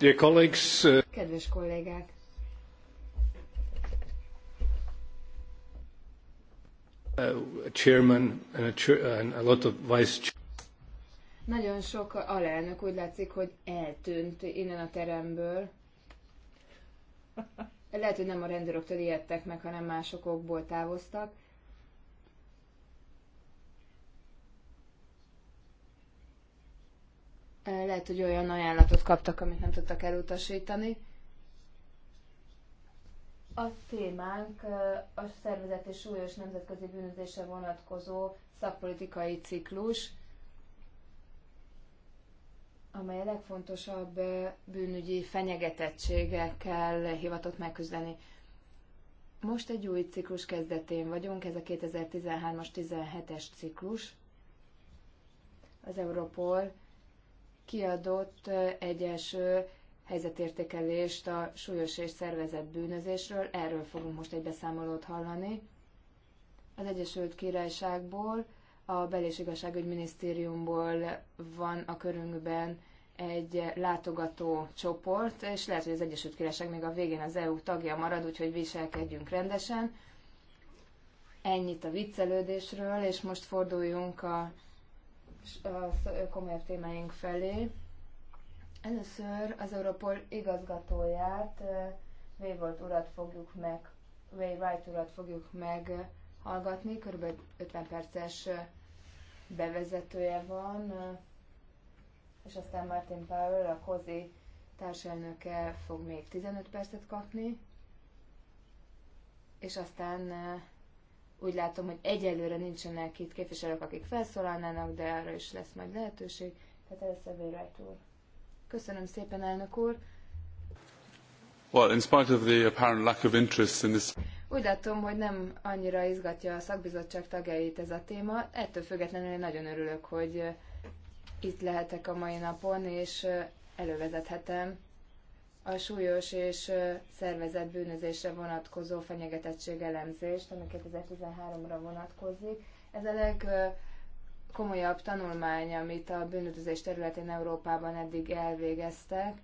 Dear colleagues, uh, Kedves kollégák! Uh, a chairman and a, chair, and a lot of vice Nagyon sok alelnök úgy látszik, hogy eltűnt innen a teremből. Lehet, hogy nem a rendőröktől ijedtek meg, hanem másokból távoztak. Lehet, hogy olyan ajánlatot kaptak, amit nem tudtak elutasítani. A témánk a szervezet és súlyos nemzetközi bűnözése vonatkozó szakpolitikai ciklus, amely a legfontosabb bűnügyi fenyegetettségekkel hivatott megküzdeni. Most egy új ciklus kezdetén vagyunk, ez a 2013-as 17-es ciklus. Az Europol kiadott egy első helyzetértékelést a súlyos és szervezett bűnözésről. Erről fogunk most egy beszámolót hallani. Az Egyesült Királyságból, a Bel- és Igazságügyminisztériumból van a körünkben egy látogató csoport, és lehet, hogy az Egyesült Királyság még a végén az EU tagja marad, úgyhogy viselkedjünk rendesen. Ennyit a viccelődésről, és most forduljunk a komolyabb témáink felé. Először az Europol igazgatóját, Wayward urat fogjuk meg, Way Wright urat fogjuk Hallgatni, kb. 50 perces bevezetője van, és aztán Martin Powell, a Kozi társelnöke fog még 15 percet kapni, és aztán úgy látom, hogy egyelőre nincsenek itt képviselők, akik felszólalnának, de arra is lesz majd lehetőség. Tehát elszevérajt úr. Köszönöm szépen, elnök úr. Well, in spite of the apparent lack of interest in this... Úgy látom, hogy nem annyira izgatja a szakbizottság tagjait ez a téma. Ettől függetlenül én nagyon örülök, hogy eh, itt lehetek a mai napon, és eh, elővezethetem a súlyos és szervezett bűnözésre vonatkozó fenyegetettség elemzést, ami 2013-ra vonatkozik. Ez a legkomolyabb tanulmány, amit a bűnözés területén Európában eddig elvégeztek,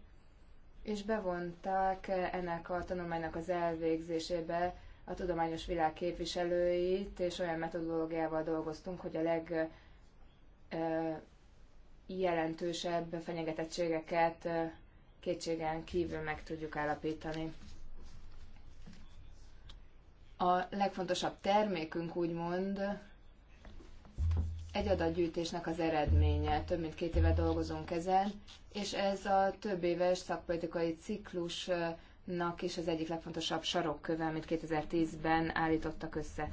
és bevonták ennek a tanulmánynak az elvégzésébe a tudományos világ képviselőit, és olyan metodológiával dolgoztunk, hogy a leg jelentősebb fenyegetettségeket kétségen kívül meg tudjuk állapítani. A legfontosabb termékünk úgymond egy adatgyűjtésnek az eredménye. Több mint két éve dolgozunk ezen, és ez a több éves szakpolitikai ciklusnak és az egyik legfontosabb sarokköve, amit 2010-ben állítottak össze.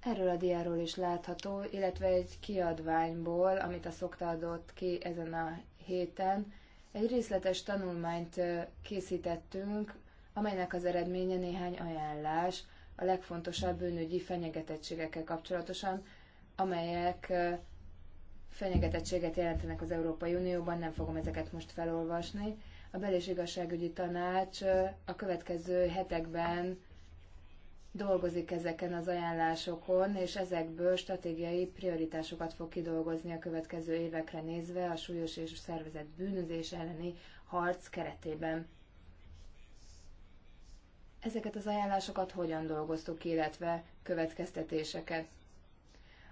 Erről a diáról is látható, illetve egy kiadványból, amit a szokta adott ki ezen a héten egy részletes tanulmányt készítettünk, amelynek az eredménye néhány ajánlás a legfontosabb bűnügyi fenyegetettségekkel kapcsolatosan, amelyek fenyegetettséget jelentenek az Európai Unióban, nem fogom ezeket most felolvasni. A Bel- és Igazságügyi Tanács a következő hetekben dolgozik ezeken az ajánlásokon, és ezekből stratégiai prioritásokat fog kidolgozni a következő évekre nézve a súlyos és szervezett bűnözés elleni harc keretében. Ezeket az ajánlásokat hogyan dolgoztuk, ki, illetve következtetéseket?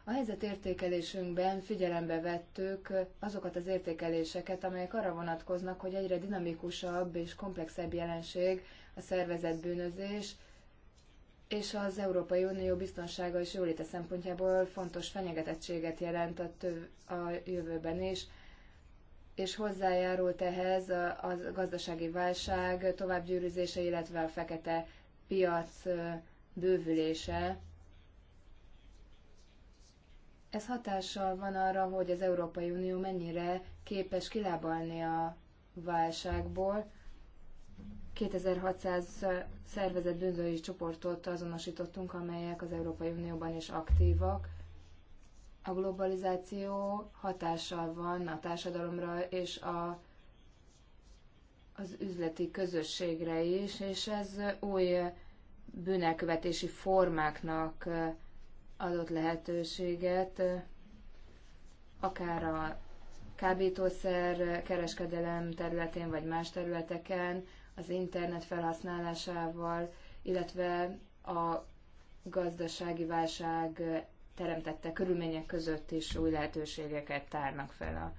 A helyzetértékelésünkben figyelembe vettük azokat az értékeléseket, amelyek arra vonatkoznak, hogy egyre dinamikusabb és komplexebb jelenség a szervezett bűnözés, és az Európai Unió biztonsága és jóléte szempontjából fontos fenyegetettséget jelent a, töv, a jövőben is, és hozzájárult ehhez a, a gazdasági válság továbbgyűrűzése, illetve a fekete piac bővülése. Ez hatással van arra, hogy az Európai Unió mennyire képes kilábalni a válságból, 2600 szervezett bűnzői csoportot azonosítottunk, amelyek az Európai Unióban is aktívak. A globalizáció hatással van a társadalomra és a, az üzleti közösségre is, és ez új bűnelkövetési formáknak adott lehetőséget, akár a kábítószer kereskedelem területén, vagy más területeken, az internet felhasználásával, illetve a gazdasági válság teremtette körülmények között is új lehetőségeket tárnak fel a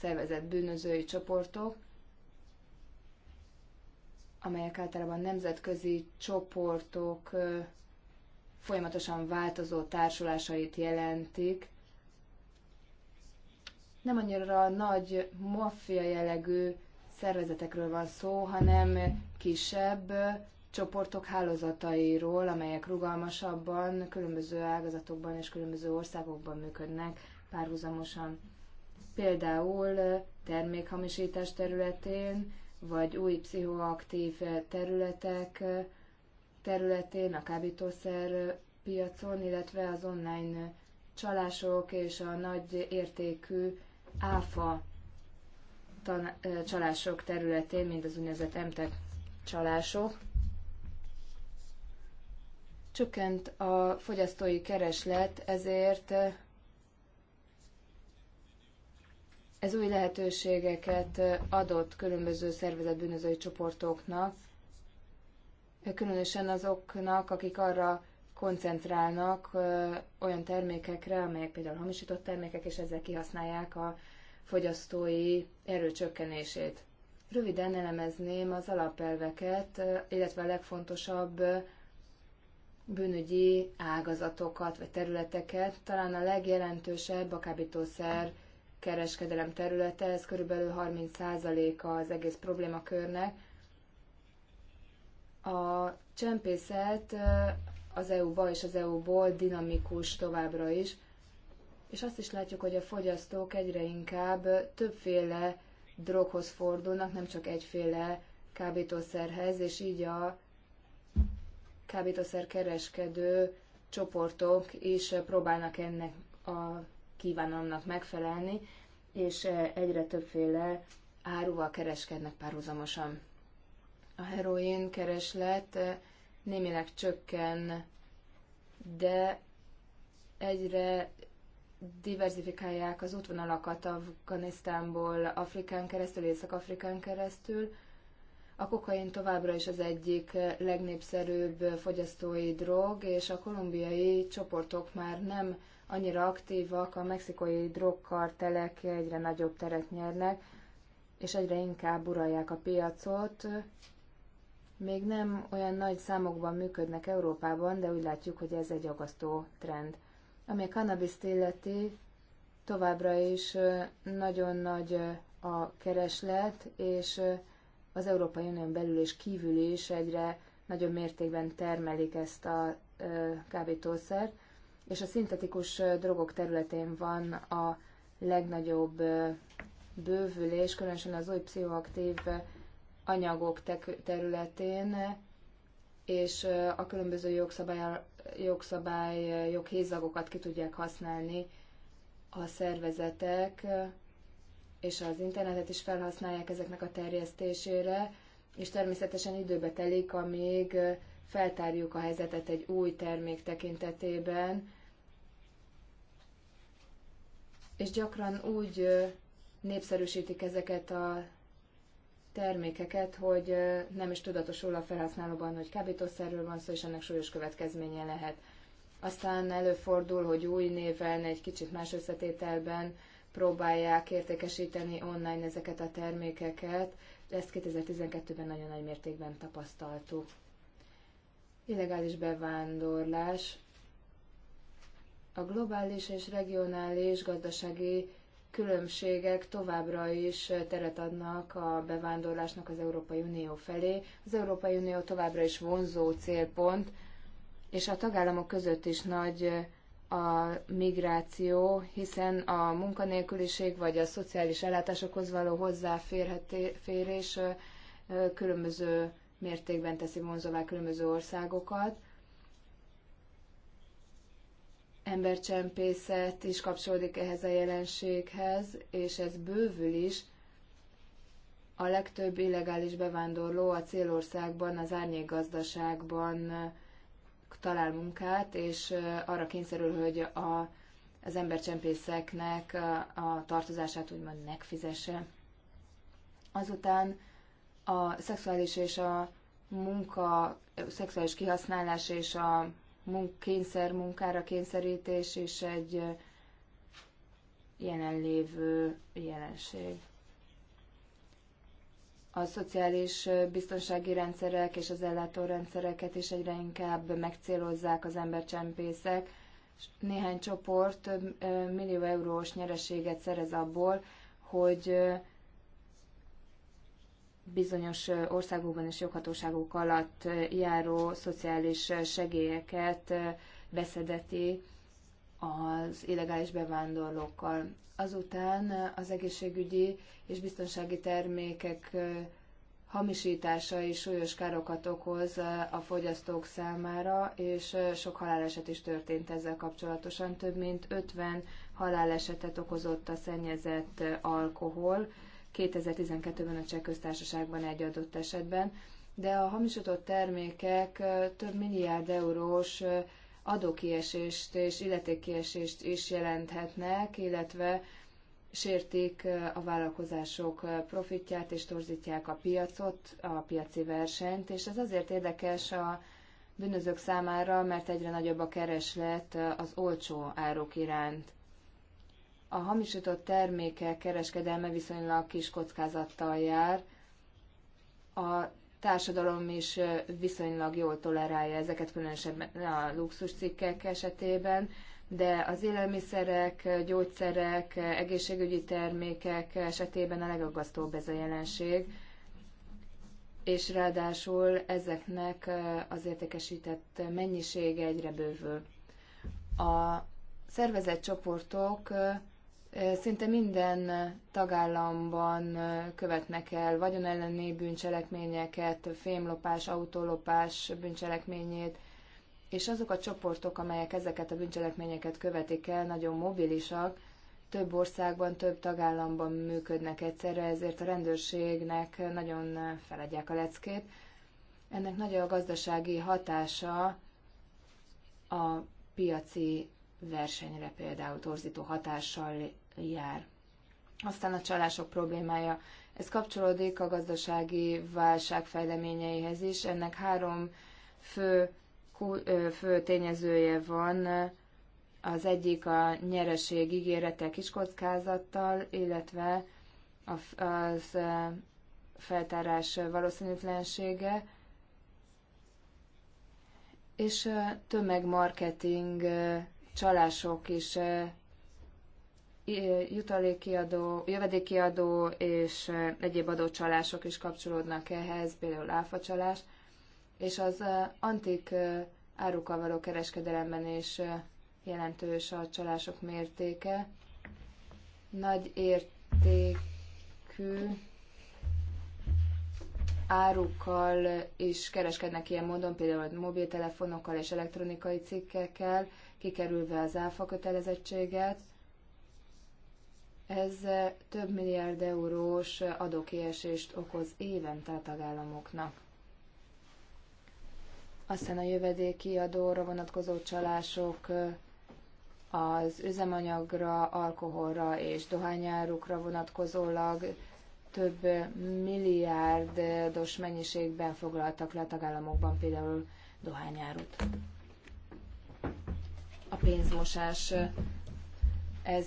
szervezett bűnözői csoportok, amelyek általában nemzetközi csoportok folyamatosan változó társulásait jelentik. Nem annyira nagy maffia jellegű szervezetekről van szó, hanem kisebb csoportok hálózatairól, amelyek rugalmasabban, különböző ágazatokban és különböző országokban működnek párhuzamosan. Például termékhamisítás területén, vagy új pszichoaktív területek területén, a kábítószer piacon, illetve az online csalások és a nagy értékű áfa csalások területén, mint az úgynevezett emtek csalások. Csökkent a fogyasztói kereslet, ezért ez új lehetőségeket adott különböző szervezetbűnözői csoportoknak, különösen azoknak, akik arra koncentrálnak olyan termékekre, amelyek például hamisított termékek, és ezzel kihasználják a fogyasztói erőcsökkenését. Röviden elemezném az alapelveket, illetve a legfontosabb bűnügyi ágazatokat vagy területeket. Talán a legjelentősebb a kábítószer kereskedelem területe, ez körülbelül 30%-a az egész problémakörnek. A csempészet az EU-ba és az EU-ból dinamikus továbbra is és azt is látjuk, hogy a fogyasztók egyre inkább többféle droghoz fordulnak, nem csak egyféle kábítószerhez, és így a kábítószer kereskedő csoportok is próbálnak ennek a kívánalomnak megfelelni, és egyre többféle áruval kereskednek párhuzamosan. A heroin kereslet némileg csökken, de egyre diversifikálják az útvonalakat Afganisztánból, Afrikán keresztül, Észak-Afrikán keresztül. A kokain továbbra is az egyik legnépszerűbb fogyasztói drog, és a kolumbiai csoportok már nem annyira aktívak, a mexikói drogkartelek egyre nagyobb teret nyernek, és egyre inkább uralják a piacot. Még nem olyan nagy számokban működnek Európában, de úgy látjuk, hogy ez egy agasztó trend. Ami a kannabiszt illeti, továbbra is nagyon nagy a kereslet, és az Európai Unión belül és kívül is egyre nagyobb mértékben termelik ezt a kábítószert, és a szintetikus drogok területén van a legnagyobb bővülés, különösen az új pszichoaktív anyagok területén, és a különböző jogszabály jogszabály, joghézagokat ki tudják használni a szervezetek, és az internetet is felhasználják ezeknek a terjesztésére, és természetesen időbe telik, amíg feltárjuk a helyzetet egy új termék tekintetében, és gyakran úgy népszerűsítik ezeket a termékeket, hogy nem is tudatosul a felhasználóban, hogy kábítószerről van szó, és ennek súlyos következménye lehet. Aztán előfordul, hogy új néven, egy kicsit más összetételben próbálják értékesíteni online ezeket a termékeket. Ezt 2012-ben nagyon nagy mértékben tapasztaltuk. Illegális bevándorlás. A globális és regionális gazdasági különbségek továbbra is teret adnak a bevándorlásnak az Európai Unió felé. Az Európai Unió továbbra is vonzó célpont, és a tagállamok között is nagy a migráció, hiszen a munkanélküliség vagy a szociális ellátásokhoz való hozzáférés különböző mértékben teszi vonzóvá különböző országokat embercsempészet is kapcsolódik ehhez a jelenséghez, és ez bővül is. A legtöbb illegális bevándorló a célországban, az árnyékgazdaságban eh, talál munkát, és eh, arra kényszerül, hogy a, az embercsempészeknek a, eh, a tartozását úgymond megfizesse. Azután a szexuális és a munka, a szexuális kihasználás és a kényszer munkára kényszerítés is egy jelenlévő jelenség. A szociális biztonsági rendszerek és az ellátórendszereket is egyre inkább megcélozzák az embercsempészek. Néhány csoport millió eurós nyereséget szerez abból, hogy bizonyos országokban és joghatóságok alatt járó szociális segélyeket beszedeti az illegális bevándorlókkal. Azután az egészségügyi és biztonsági termékek hamisítása is súlyos károkat okoz a fogyasztók számára, és sok haláleset is történt ezzel kapcsolatosan. Több mint 50 halálesetet okozott a szennyezett alkohol 2012-ben a Cseh köztársaságban egy adott esetben, de a hamisított termékek több milliárd eurós adókiesést és illetékkiesést is jelenthetnek, illetve sértik a vállalkozások profitját és torzítják a piacot, a piaci versenyt, és ez azért érdekes a bűnözők számára, mert egyre nagyobb a kereslet az olcsó áruk iránt a hamisított termékek kereskedelme viszonylag kis kockázattal jár. A társadalom is viszonylag jól tolerálja ezeket, különösebben a luxuscikkek esetében, de az élelmiszerek, gyógyszerek, egészségügyi termékek esetében a legaggasztóbb ez a jelenség, és ráadásul ezeknek az értékesített mennyisége egyre bővül. A szervezett csoportok szinte minden tagállamban követnek el vagyonelleni bűncselekményeket, fémlopás, autólopás bűncselekményét, és azok a csoportok, amelyek ezeket a bűncselekményeket követik el, nagyon mobilisak, több országban, több tagállamban működnek egyszerre, ezért a rendőrségnek nagyon feladják a leckét. Ennek nagy a gazdasági hatása a piaci versenyre például torzító hatással jár. Aztán a csalások problémája. Ez kapcsolódik a gazdasági válság fejleményeihez is. Ennek három fő, fő tényezője van. Az egyik a nyereség ígérete kiskockázattal, illetve az feltárás valószínűtlensége, és tömegmarketing csalások és eh, jutalékiadó, jövedékiadó és eh, egyéb adócsalások is kapcsolódnak ehhez, például áfacsalás, és az eh, antik árukkal való kereskedelemben is jelentős a csalások mértéke. Nagy értékű árukkal is kereskednek ilyen módon, például mobiltelefonokkal és elektronikai cikkekkel, kikerülve az áfa kötelezettséget. Ez több milliárd eurós adókiesést okoz évente a tagállamoknak. Aztán a jövedéki adóra vonatkozó csalások az üzemanyagra, alkoholra és dohányárukra vonatkozólag több milliárdos mennyiségben foglaltak le a tagállamokban például dohányárut pénzmosás. Ez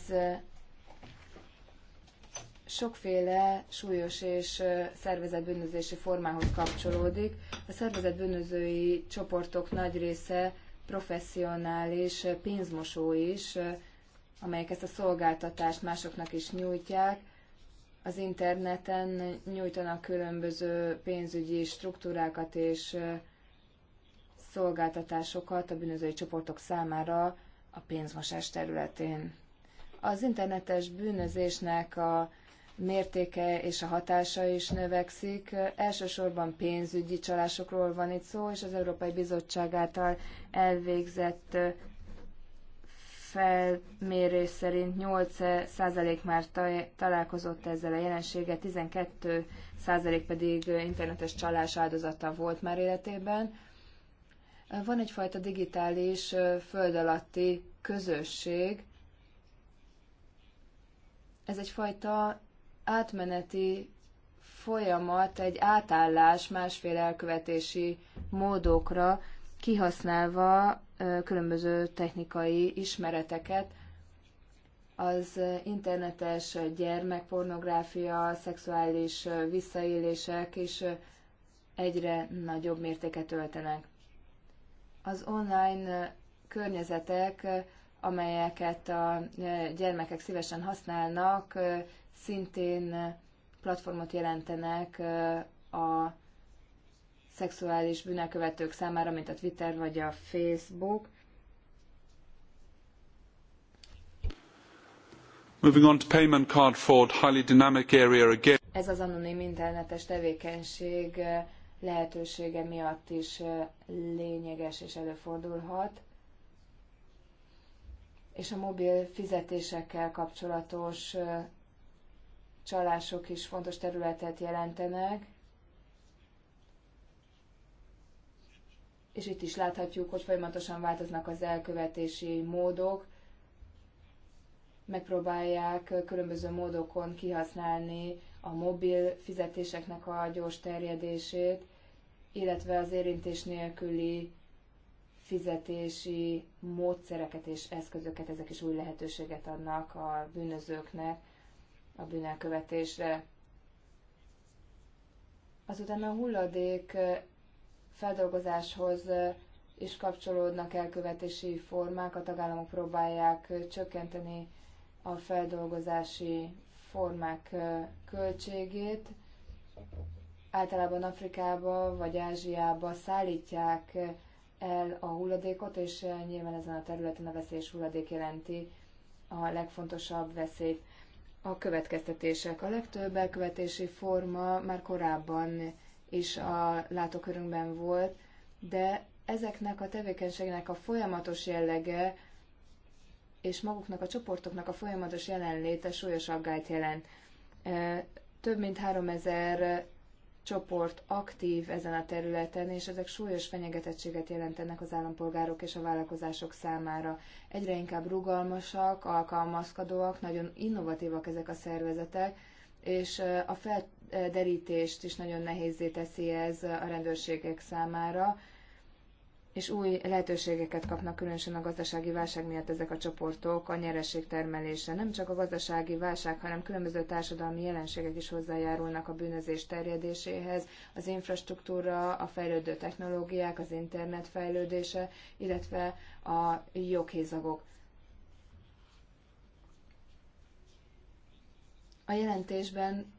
sokféle súlyos és szervezetbűnözési formához kapcsolódik. A szervezetbűnözői csoportok nagy része professzionális pénzmosó is, amelyek ezt a szolgáltatást másoknak is nyújtják. Az interneten nyújtanak különböző pénzügyi struktúrákat és szolgáltatásokat a bűnözői csoportok számára a pénzmosás területén. Az internetes bűnözésnek a mértéke és a hatása is növekszik. Elsősorban pénzügyi csalásokról van itt szó, és az Európai Bizottság által elvégzett felmérés szerint 8% már találkozott ezzel a jelenséggel, 12% pedig internetes csalás áldozata volt már életében. Van egyfajta digitális föld alatti közösség. Ez egyfajta átmeneti folyamat, egy átállás másféle elkövetési módokra, kihasználva különböző technikai ismereteket, az internetes gyermekpornográfia, szexuális visszaélések is egyre nagyobb mértéket öltenek. Az online környezetek, amelyeket a gyermekek szívesen használnak, szintén platformot jelentenek a szexuális bűnelkövetők számára, mint a Twitter vagy a Facebook. Moving on to payment card fraud, highly dynamic area again. Ez az anonim internetes tevékenység lehetősége miatt is lényeges és előfordulhat. És a mobil fizetésekkel kapcsolatos csalások is fontos területet jelentenek. És itt is láthatjuk, hogy folyamatosan változnak az elkövetési módok, megpróbálják különböző módokon kihasználni a mobil fizetéseknek a gyors terjedését, illetve az érintés nélküli fizetési módszereket és eszközöket, ezek is új lehetőséget adnak a bűnözőknek a bűnelkövetésre. Azután a hulladék feldolgozáshoz is kapcsolódnak elkövetési formák, a tagállamok próbálják csökkenteni a feldolgozási formák költségét. Általában Afrikába vagy Ázsiába szállítják el a hulladékot, és nyilván ezen a területen a veszélyes hulladék jelenti a legfontosabb veszélyt. A következtetések. A legtöbb elkövetési forma már korábban is a látókörünkben volt, de ezeknek a tevékenységnek a folyamatos jellege és maguknak a csoportoknak a folyamatos jelenléte súlyos aggályt jelent. Több mint 3000 csoport aktív ezen a területen, és ezek súlyos fenyegetettséget jelentenek az állampolgárok és a vállalkozások számára. Egyre inkább rugalmasak, alkalmazkodóak, nagyon innovatívak ezek a szervezetek, és a felderítést is nagyon nehézé teszi ez a rendőrségek számára és új lehetőségeket kapnak különösen a gazdasági válság miatt ezek a csoportok a nyerességtermelése. Nem csak a gazdasági válság, hanem különböző társadalmi jelenségek is hozzájárulnak a bűnözés terjedéséhez, az infrastruktúra, a fejlődő technológiák, az internet fejlődése, illetve a joghézagok. A jelentésben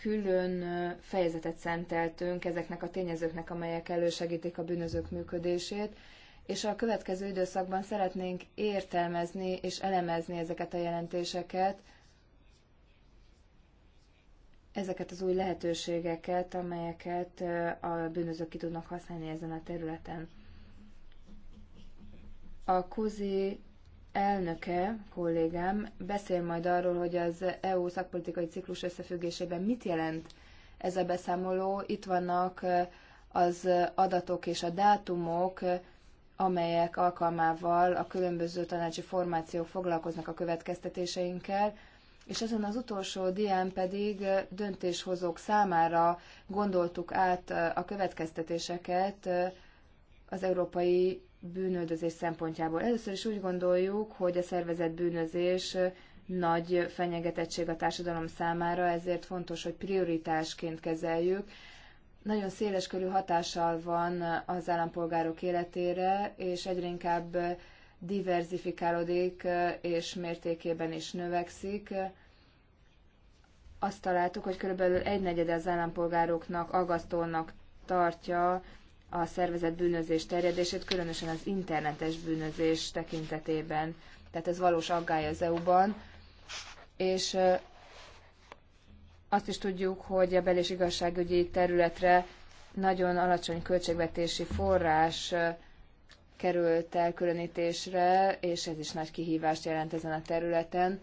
külön fejezetet szenteltünk ezeknek a tényezőknek, amelyek elősegítik a bűnözők működését, és a következő időszakban szeretnénk értelmezni és elemezni ezeket a jelentéseket, ezeket az új lehetőségeket, amelyeket a bűnözők ki tudnak használni ezen a területen. A Kuzi elnöke, kollégám beszél majd arról, hogy az EU szakpolitikai ciklus összefüggésében mit jelent ez a beszámoló. Itt vannak az adatok és a dátumok, amelyek alkalmával a különböző tanácsi formációk foglalkoznak a következtetéseinkkel, és ezen az utolsó dián pedig döntéshozók számára gondoltuk át a következtetéseket az Európai bűnöldözés szempontjából. Először is úgy gondoljuk, hogy a szervezett bűnözés nagy fenyegetettség a társadalom számára, ezért fontos, hogy prioritásként kezeljük. Nagyon széles körű hatással van az állampolgárok életére, és egyre inkább diverzifikálódik, és mértékében is növekszik. Azt találtuk, hogy körülbelül egy negyede az állampolgároknak agasztónak tartja a szervezett bűnözés terjedését, különösen az internetes bűnözés tekintetében. Tehát ez valós aggály az EU-ban. És azt is tudjuk, hogy a bel- és igazságügyi területre nagyon alacsony költségvetési forrás került különítésre, és ez is nagy kihívást jelent ezen a területen.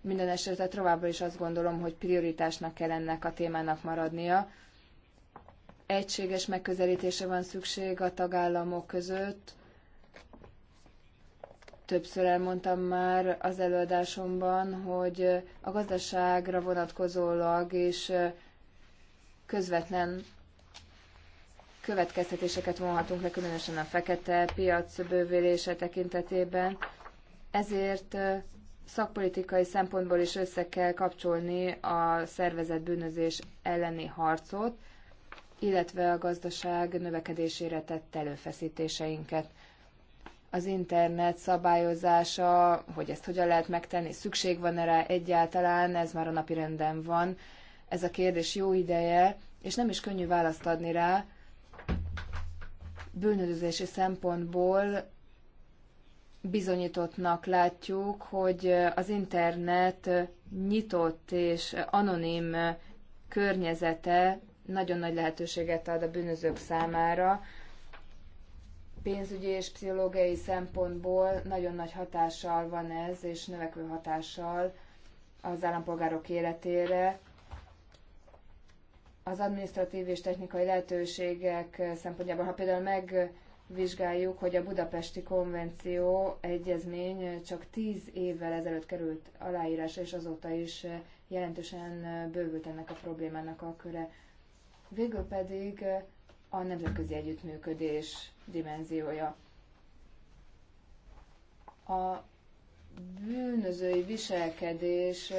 Minden esetre továbbra is azt gondolom, hogy prioritásnak kell ennek a témának maradnia, egységes megközelítése van szükség a tagállamok között. Többször elmondtam már az előadásomban, hogy a gazdaságra vonatkozólag is közvetlen következtetéseket vonhatunk le, különösen a fekete piac bővülése tekintetében. Ezért szakpolitikai szempontból is össze kell kapcsolni a szervezett bűnözés elleni harcot, illetve a gazdaság növekedésére tett előfeszítéseinket. Az internet szabályozása, hogy ezt hogyan lehet megtenni, szükség van erre egyáltalán, ez már a napi renden van. Ez a kérdés jó ideje, és nem is könnyű választ adni rá. Bűnözési szempontból bizonyítottnak látjuk, hogy az internet nyitott és anonim környezete nagyon nagy lehetőséget ad a bűnözők számára. Pénzügyi és pszichológiai szempontból nagyon nagy hatással van ez, és növekvő hatással az állampolgárok életére. Az administratív és technikai lehetőségek szempontjából, ha például meg vizsgáljuk, hogy a budapesti konvenció egyezmény csak tíz évvel ezelőtt került aláírásra, és azóta is jelentősen bővült ennek a problémának a köre. Végül pedig a nemzetközi együttműködés dimenziója. A bűnözői viselkedés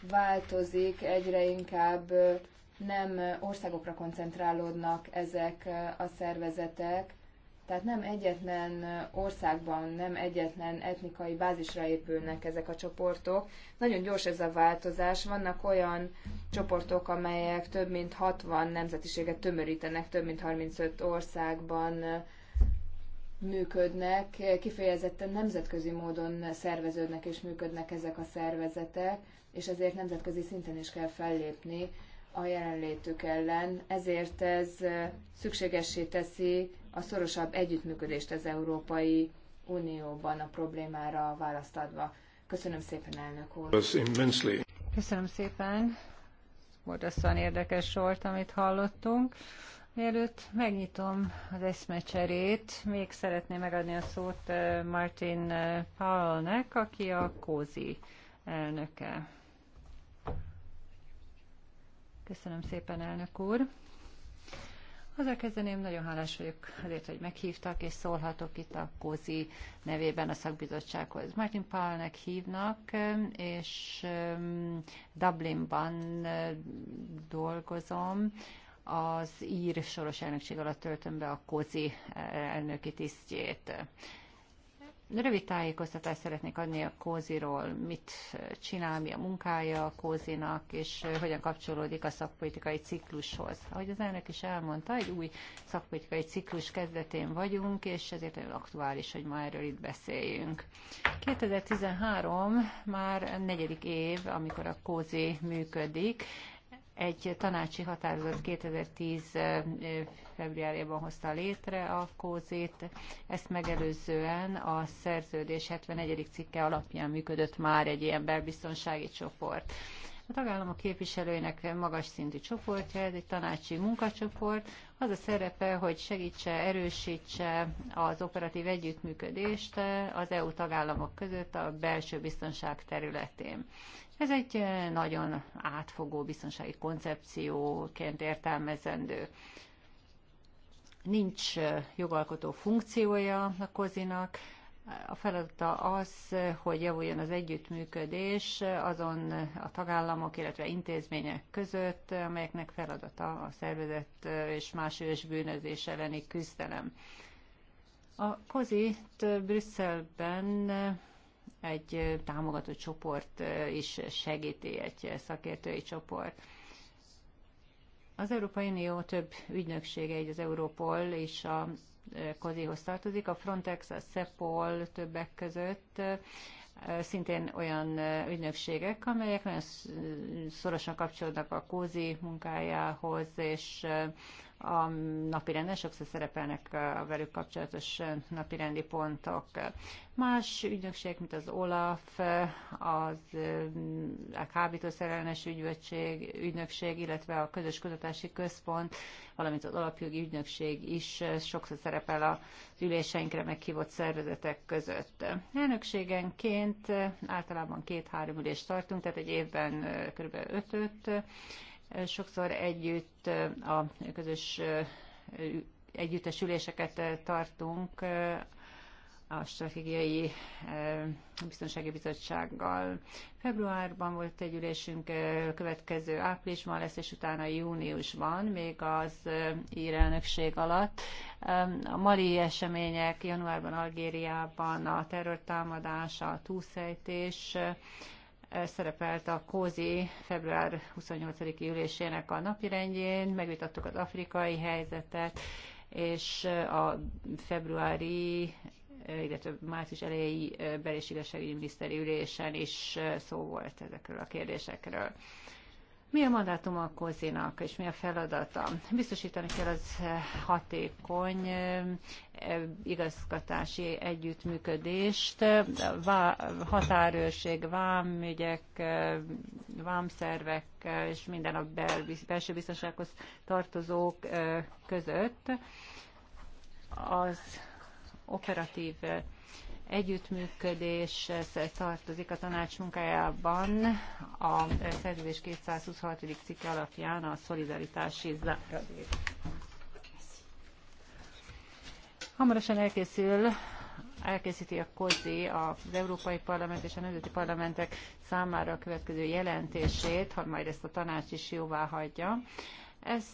változik, egyre inkább nem országokra koncentrálódnak ezek a szervezetek, tehát nem egyetlen országban, nem egyetlen etnikai bázisra épülnek ezek a csoportok. Nagyon gyors ez a változás. Vannak olyan csoportok, amelyek több mint 60 nemzetiséget tömörítenek, több mint 35 országban működnek, kifejezetten nemzetközi módon szerveződnek és működnek ezek a szervezetek, és ezért nemzetközi szinten is kell fellépni a jelenlétük ellen. Ezért ez szükségessé teszi a szorosabb együttműködést az Európai Unióban a problémára választ adva. Köszönöm szépen, elnök úr! Köszönöm szépen! Volt olyan érdekes sort, amit hallottunk. Mielőtt megnyitom az eszmecserét, még szeretném megadni a szót eh, Martin eh, Paulnek, aki a Kózi elnöke. Köszönöm szépen, elnök úr! Azzal kezdeném, nagyon hálás vagyok azért, hogy meghívtak, és szólhatok itt a Kózi nevében a szakbizottsághoz. Martin Palnek hívnak, és um, Dublinban uh, dolgozom. Az ír soros elnökség alatt töltöm be a Kózi uh, elnöki tisztjét. Rövid tájékoztatást szeretnék adni a Kóziról, mit csinál, mi a munkája a Kózinak, és hogyan kapcsolódik a szakpolitikai ciklushoz. Ahogy az elnök is elmondta, egy új szakpolitikai ciklus kezdetén vagyunk, és ezért nagyon aktuális, hogy ma erről itt beszéljünk. 2013 már negyedik év, amikor a Kózi működik, egy tanácsi határozat 2010 februárjában hozta létre a kózét, ezt megelőzően a szerződés 71. cikke alapján működött már egy ilyen belbiztonsági csoport. A tagállamok képviselőinek magas szintű csoportja, ez egy tanácsi munkacsoport. Az a szerepe, hogy segítse, erősítse az operatív együttműködést az EU tagállamok között a belső biztonság területén. Ez egy nagyon átfogó biztonsági koncepcióként értelmezendő. Nincs jogalkotó funkciója a kozinak, a feladata az, hogy javuljon az együttműködés azon a tagállamok, illetve intézmények között, amelyeknek feladata a szervezet és más ős bűnözés elleni küzdelem. A COZI-t Brüsszelben egy támogató csoport is segíti, egy szakértői csoport. Az Európai Unió több ügynöksége, így az Európol és a Kozihoz tartozik, a Frontex, a CEPOL többek között, szintén olyan ügynökségek, amelyek nagyon szorosan kapcsolódnak a kózi munkájához, és a napirenden, sokszor szerepelnek a velük kapcsolatos napirendi pontok. Más ügynökségek, mint az OLAF, az a kábítószerellenes ügyvötség, ügynökség, illetve a közös kutatási központ, valamint az alapjogi ügynökség is sokszor szerepel a üléseinkre meghívott szervezetek között. Elnökségenként általában két-három ülést tartunk, tehát egy évben kb. ötöt, Sokszor együtt a közös együttesüléseket tartunk a Stratégiai Biztonsági Bizottsággal. Februárban volt egy ülésünk, következő áprilisban lesz, és utána júniusban, még az ír elnökség alatt. A mali események januárban Algériában, a terrortámadás, a túlszejtés, szerepelt a Kózi február 28-i ülésének a napirendjén, megvitattuk az afrikai helyzetet, és a februári illetve március elejé bel- miniszteri ülésen is szó volt ezekről a kérdésekről. Mi a mandátum a kozinak, és mi a feladata? Biztosítani kell az eh, hatékony eh, eh, igazgatási együttműködést, határőrség, vámügyek, vámszervek és minden a belső biztonsághoz tartozók között az operatív együttműködés eh, tartozik a tanács munkájában a eh, szerződés 226. cikke alapján a szolidaritási záradék. Hamarosan elkészül elkészíti a COZI az Európai Parlament és a Nemzeti Parlamentek számára a következő jelentését, ha majd ezt a tanács is jóvá hagyja. Ez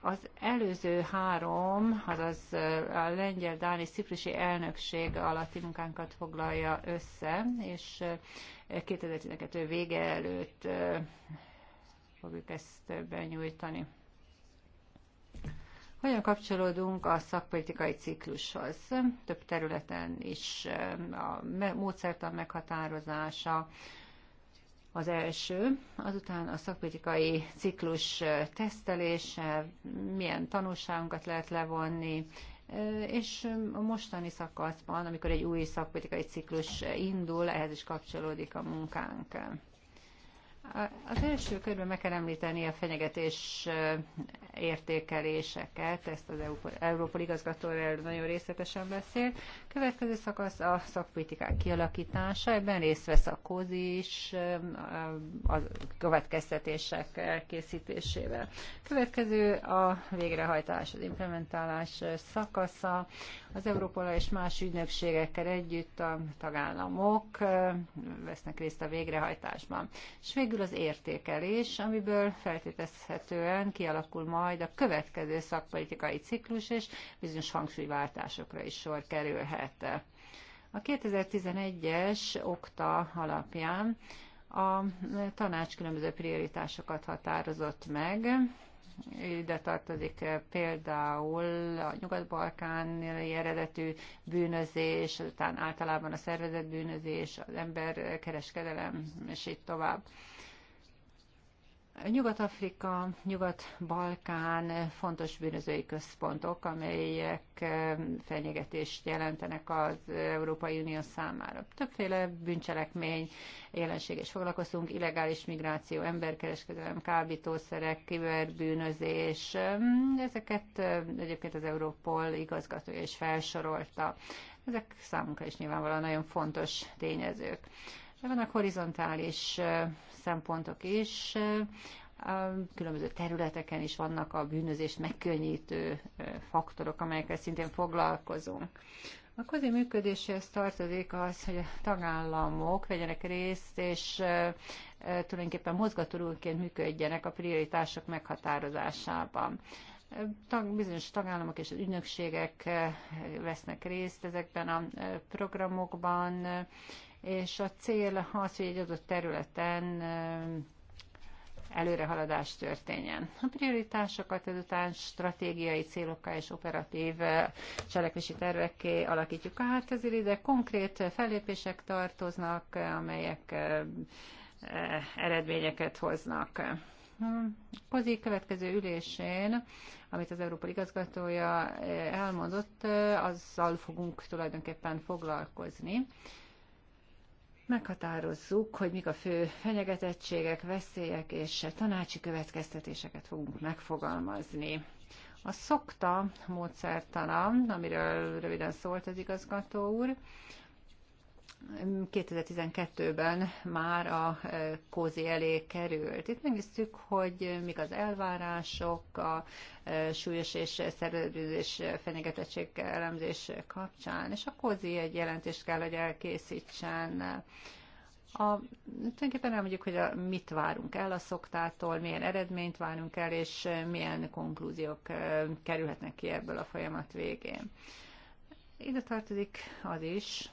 az előző három, azaz a lengyel, dán és ciprusi elnökség alatti munkánkat foglalja össze, és 2012 vége előtt fogjuk ezt benyújtani. Hogyan kapcsolódunk a szakpolitikai ciklushoz? Több területen is a módszertan meghatározása, az első, azután a szakpolitikai ciklus tesztelése, milyen tanulságunkat lehet levonni, és a mostani szakaszban, amikor egy új szakpolitikai ciklus indul, ehhez is kapcsolódik a munkánk. Az első körben meg kell említeni a fenyegetés értékeléseket, ezt az Európa igazgatója nagyon részletesen beszélt. Következő szakasz a szakpolitikák kialakítása, ebben részt vesz a kozi is, a következtetések készítésével. Következő a végrehajtás, az implementálás szakasza, az Európola és más ügynökségekkel együtt a tagállamok vesznek részt a végrehajtásban. És végül az értékelés, amiből feltételezhetően kialakul majd a következő szakpolitikai ciklus, és bizonyos hangsúlyváltásokra is sor kerülhet terület. A 2011-es okta alapján a tanács különböző prioritásokat határozott meg, ide tartozik például a nyugat-balkáni eredetű bűnözés, azután általában a szervezett bűnözés, az emberkereskedelem, és így tovább. Nyugat-Afrika, Nyugat-Balkán fontos bűnözői központok, amelyek eh, fenyegetést jelentenek az Európai Unió számára. Többféle bűncselekmény jelenség és foglalkozunk, illegális migráció, emberkereskedelem, kábítószerek, kiberbűnözés, eh, ezeket eh, egyébként az Európol igazgatója is felsorolta. Ezek számunkra is nyilvánvalóan nagyon fontos tényezők. Vannak horizontális szempontok is. A különböző területeken is vannak a bűnözést megkönnyítő faktorok, amelyekkel szintén foglalkozunk. A kozi működéséhez tartozik az, hogy a tagállamok vegyenek részt, és tulajdonképpen mozgatórulként működjenek a prioritások meghatározásában tag, bizonyos tagállamok és az ügynökségek vesznek részt ezekben a programokban, és a cél az, hogy egy adott területen előrehaladás történjen. A prioritásokat ezután stratégiai célokká és operatív cselekvési tervekké alakítjuk át. Ezért ide konkrét fellépések tartoznak, amelyek eredményeket hoznak. Kozi következő ülésén, amit az Európa igazgatója elmondott, azzal fogunk tulajdonképpen foglalkozni meghatározzuk, hogy mik a fő fenyegetettségek, veszélyek és tanácsi következtetéseket fogunk megfogalmazni. A szokta módszertana, amiről röviden szólt az igazgató úr, 2012-ben már a e, kózi elé került. Itt megnéztük, hogy mik az elvárások a e, súlyos és szerveződés fenyegetettség elemzés kapcsán, és a kózi egy jelentést kell, hogy elkészítsen. A, tulajdonképpen elmondjuk, hogy a, mit várunk el a szoktától, milyen eredményt várunk el, és milyen konklúziók e, kerülhetnek ki ebből a folyamat végén. Ide tartozik az is,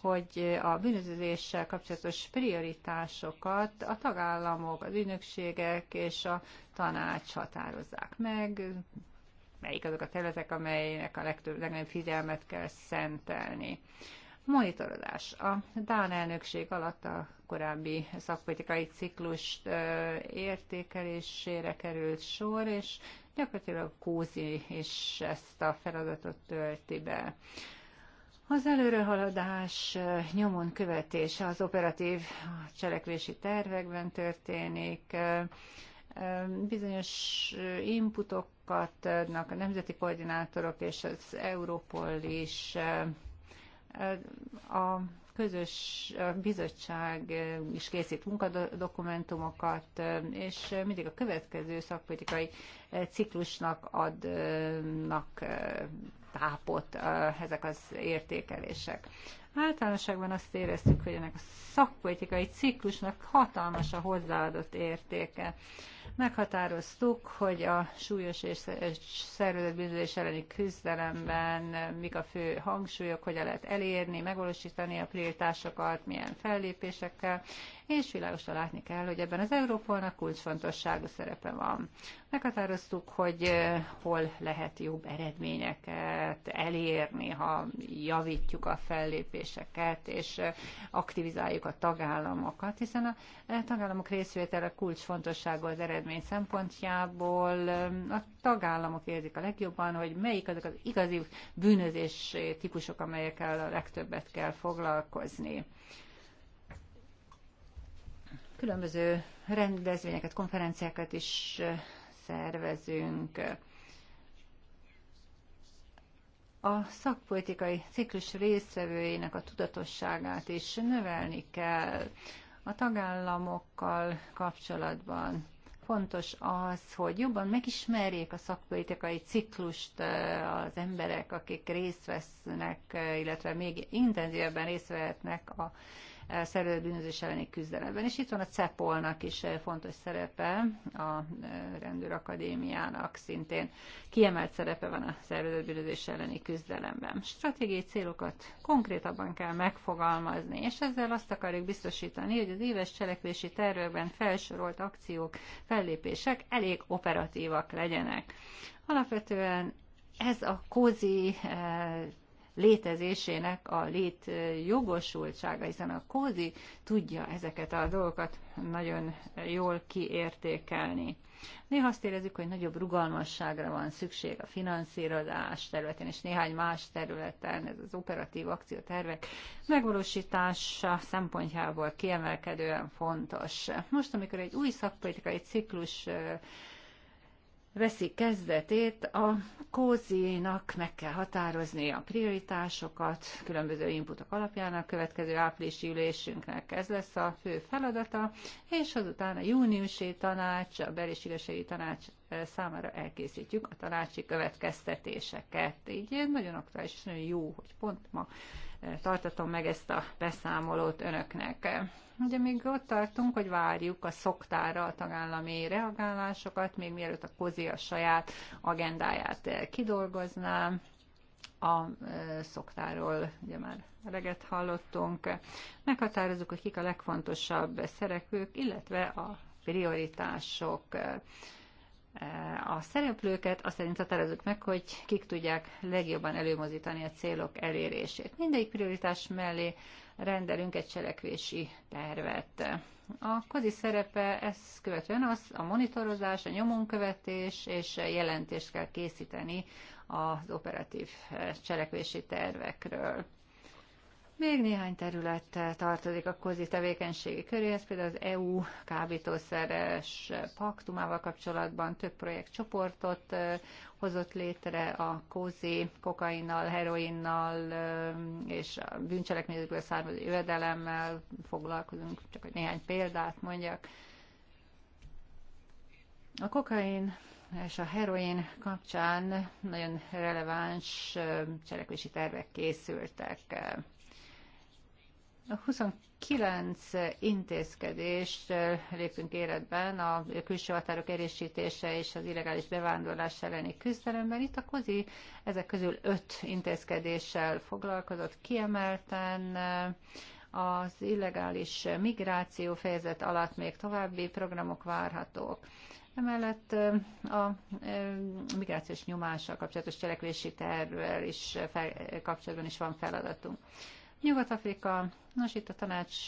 hogy a bűnözéssel kapcsolatos prioritásokat a tagállamok, az ügynökségek és a tanács határozzák meg, melyik azok a területek, amelynek a legtöbb, legnagyobb figyelmet kell szentelni. Monitorozás. A Dán elnökség alatt a korábbi szakpolitikai ciklus értékelésére került sor, és gyakorlatilag Kózi is ezt a feladatot tölti be. Az előrehaladás nyomon követése az operatív cselekvési tervekben történik, bizonyos inputokat adnak a nemzeti koordinátorok és az Európol is. A közös bizottság is készít munkadokumentumokat, és mindig a következő szakpolitikai ciklusnak adnak tápot ezek az értékelések. Általánosságban azt éreztük, hogy ennek a szakpolitikai ciklusnak hatalmas a hozzáadott értéke. Meghatároztuk, hogy a súlyos és szervezetbűnözés elleni küzdelemben mik a fő hangsúlyok, hogyan lehet elérni, megvalósítani a prioritásokat, milyen fellépésekkel, és világosan látni kell, hogy ebben az Európolnak kulcsfontosságú szerepe van. Meghatároztuk, hogy hol lehet jobb eredményeket elérni, ha javítjuk a fellépéseket, és aktivizáljuk a tagállamokat, hiszen a tagállamok részvétele kulcsfontosságú az eredmény szempontjából. A tagállamok érzik a legjobban, hogy melyik azok az igazi bűnözés típusok, amelyekkel a legtöbbet kell foglalkozni. Különböző rendezvényeket, konferenciákat is szervezünk. A szakpolitikai ciklus részvevőinek a tudatosságát is növelni kell a tagállamokkal kapcsolatban fontos az, hogy jobban megismerjék a szakpolitikai ciklust az emberek, akik részt vesznek, illetve még intenzívebben részt vehetnek a szervezett bűnözés elleni küzdelemben. És itt van a CEPOL-nak is eh, fontos szerepe, a eh, rendőrakadémiának szintén kiemelt szerepe van a szervezett bűnözés elleni küzdelemben. Stratégiai célokat konkrétabban kell megfogalmazni, és ezzel azt akarjuk biztosítani, hogy az éves cselekvési tervekben felsorolt akciók, fellépések elég operatívak legyenek. Alapvetően ez a kozi eh, létezésének a lét jogosultsága, hiszen a Kózi tudja ezeket a dolgokat nagyon jól kiértékelni. Néha azt érezzük, hogy nagyobb rugalmasságra van szükség a finanszírozás területén és néhány más területen, ez az operatív akciótervek megvalósítása szempontjából kiemelkedően fontos. Most, amikor egy új szakpolitikai ciklus veszi kezdetét, a kózinak meg kell határozni a prioritásokat, különböző inputok alapján a következő áprilisi ülésünknek ez lesz a fő feladata, és azután a júniusi tanács, a bel- tanács eh, számára elkészítjük a tanácsi következtetéseket. Így nagyon aktuális és nagyon jó, hogy pont ma eh, tartatom meg ezt a beszámolót önöknek. Ugye még ott tartunk, hogy várjuk a szoktára a tagállami reagálásokat, még mielőtt a kozi a saját agendáját kidolgozná. A e, szoktáról ugye már eleget hallottunk. Meghatározzuk, hogy kik a legfontosabb szereplők, illetve a prioritások a szereplőket, azt szerint határozzuk meg, hogy kik tudják legjobban előmozítani a célok elérését. Mindegyik prioritás mellé rendelünk egy cselekvési tervet. A kozi szerepe ezt követően az a monitorozás, a nyomonkövetés és jelentést kell készíteni az operatív cselekvési tervekről. Még néhány terület tartozik a kozi tevékenységi köré, ez például az EU kábítószeres paktumával kapcsolatban több projektcsoportot hozott létre a kozi kokainnal, heroinnal és a bűncselekményekből származó jövedelemmel foglalkozunk, csak hogy néhány példát mondjak. A kokain és a heroin kapcsán nagyon releváns cselekvési tervek készültek 29 intézkedést eh, lépünk életben a külső határok erősítése és az illegális bevándorlás elleni küzdelemben. Itt a kozi ezek közül 5 intézkedéssel foglalkozott kiemelten eh, az illegális migráció fejezet alatt még további programok várhatók. Emellett eh, a migrációs nyomással kapcsolatos cselekvési tervvel is kapcsolatban is van feladatunk. Nyugat-Afrika, nos itt a tanács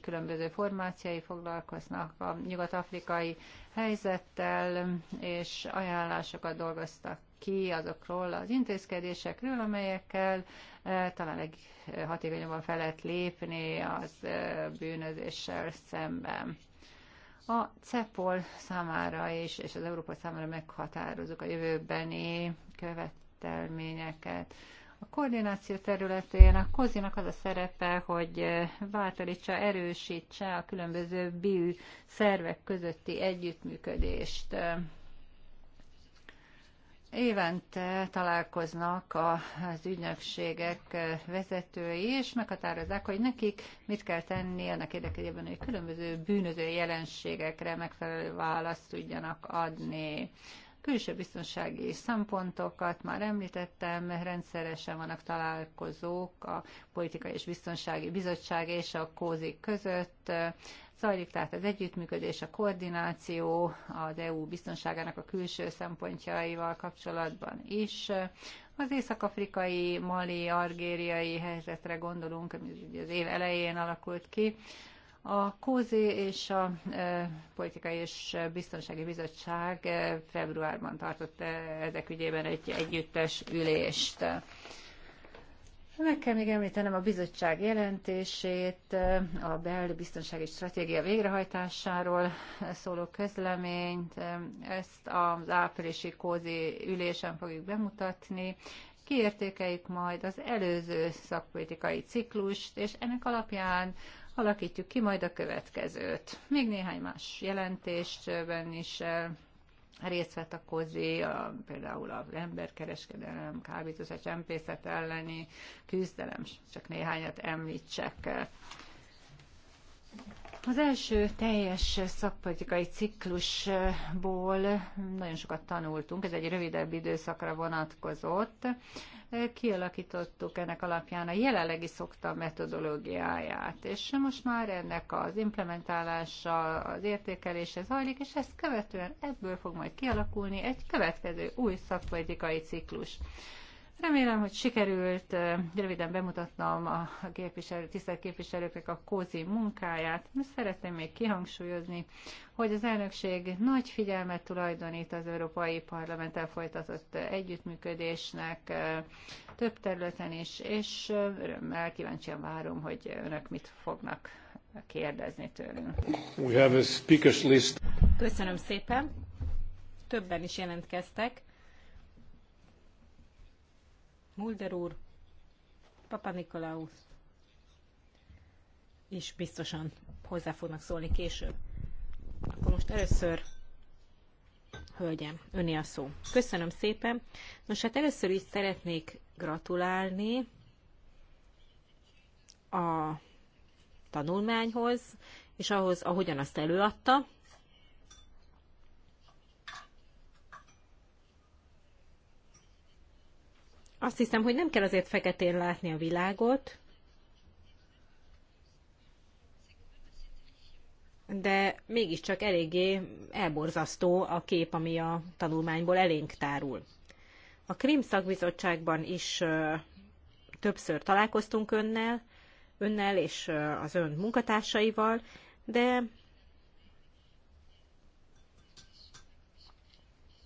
különböző formációi foglalkoznak a nyugat-afrikai helyzettel, és ajánlásokat dolgoztak ki azokról az intézkedésekről, amelyekkel talán leghatékonyabban fel lehet lépni az bűnözéssel szemben. A CEPOL számára is, és az Európa számára meghatározunk a jövőbeni követelményeket. A koordináció területén a kozinak az a szerepe, hogy bátorítsa, erősítse a különböző BIU szervek közötti együttműködést. Évente találkoznak az ügynökségek vezetői, és meghatározzák, hogy nekik mit kell tenni annak érdekében, hogy különböző bűnöző jelenségekre megfelelő választ tudjanak adni. Külső biztonsági szempontokat már említettem, rendszeresen vannak találkozók a Politikai és Biztonsági Bizottság és a kózik között. Zajlik tehát az együttműködés, a koordináció az EU biztonságának a külső szempontjaival kapcsolatban is. Az észak-afrikai, mali, argériai helyzetre gondolunk, ami az év elején alakult ki. A Kózi és a e, Politikai és Biztonsági Bizottság e, februárban tartott e, ezek ügyében egy együttes ülést. Meg kell még említenem a bizottság jelentését, a biztonsági stratégia végrehajtásáról szóló közleményt. Ezt az áprilisi kózi ülésen fogjuk bemutatni kiértékeljük majd az előző szakpolitikai ciklust, és ennek alapján alakítjuk ki majd a következőt. Még néhány más jelentésben is eh, részt vett a kozi, a, például a emberkereskedelem, kábítószer csempészet elleni küzdelem, csak néhányat említsek. Az első teljes szakpolitikai ciklusból nagyon sokat tanultunk, ez egy rövidebb időszakra vonatkozott. Kialakítottuk ennek alapján a jelenlegi szokta metodológiáját, és most már ennek az implementálása, az értékelése zajlik, és ezt követően ebből fog majd kialakulni egy következő új szakpolitikai ciklus. Remélem, hogy sikerült röviden bemutatnom a képviselő, tisztelt képviselőknek a kózi munkáját. Szeretném még kihangsúlyozni, hogy az elnökség nagy figyelmet tulajdonít az Európai Parlamenttel folytatott együttműködésnek több területen is, és örömmel kíváncsian várom, hogy önök mit fognak kérdezni tőlünk. We have a speakers list. Köszönöm szépen. Többen is jelentkeztek. Mulder úr, Papa Nikolaus, és biztosan hozzá fognak szólni később. Akkor most először, hölgyem, öné a szó. Köszönöm szépen. Nos, hát először is szeretnék gratulálni a tanulmányhoz, és ahhoz, ahogyan azt előadta, Azt hiszem, hogy nem kell azért feketén látni a világot, de mégiscsak eléggé elborzasztó a kép, ami a tanulmányból elénk tárul. A Krim szakbizottságban is többször találkoztunk önnel, önnel és az ön munkatársaival, de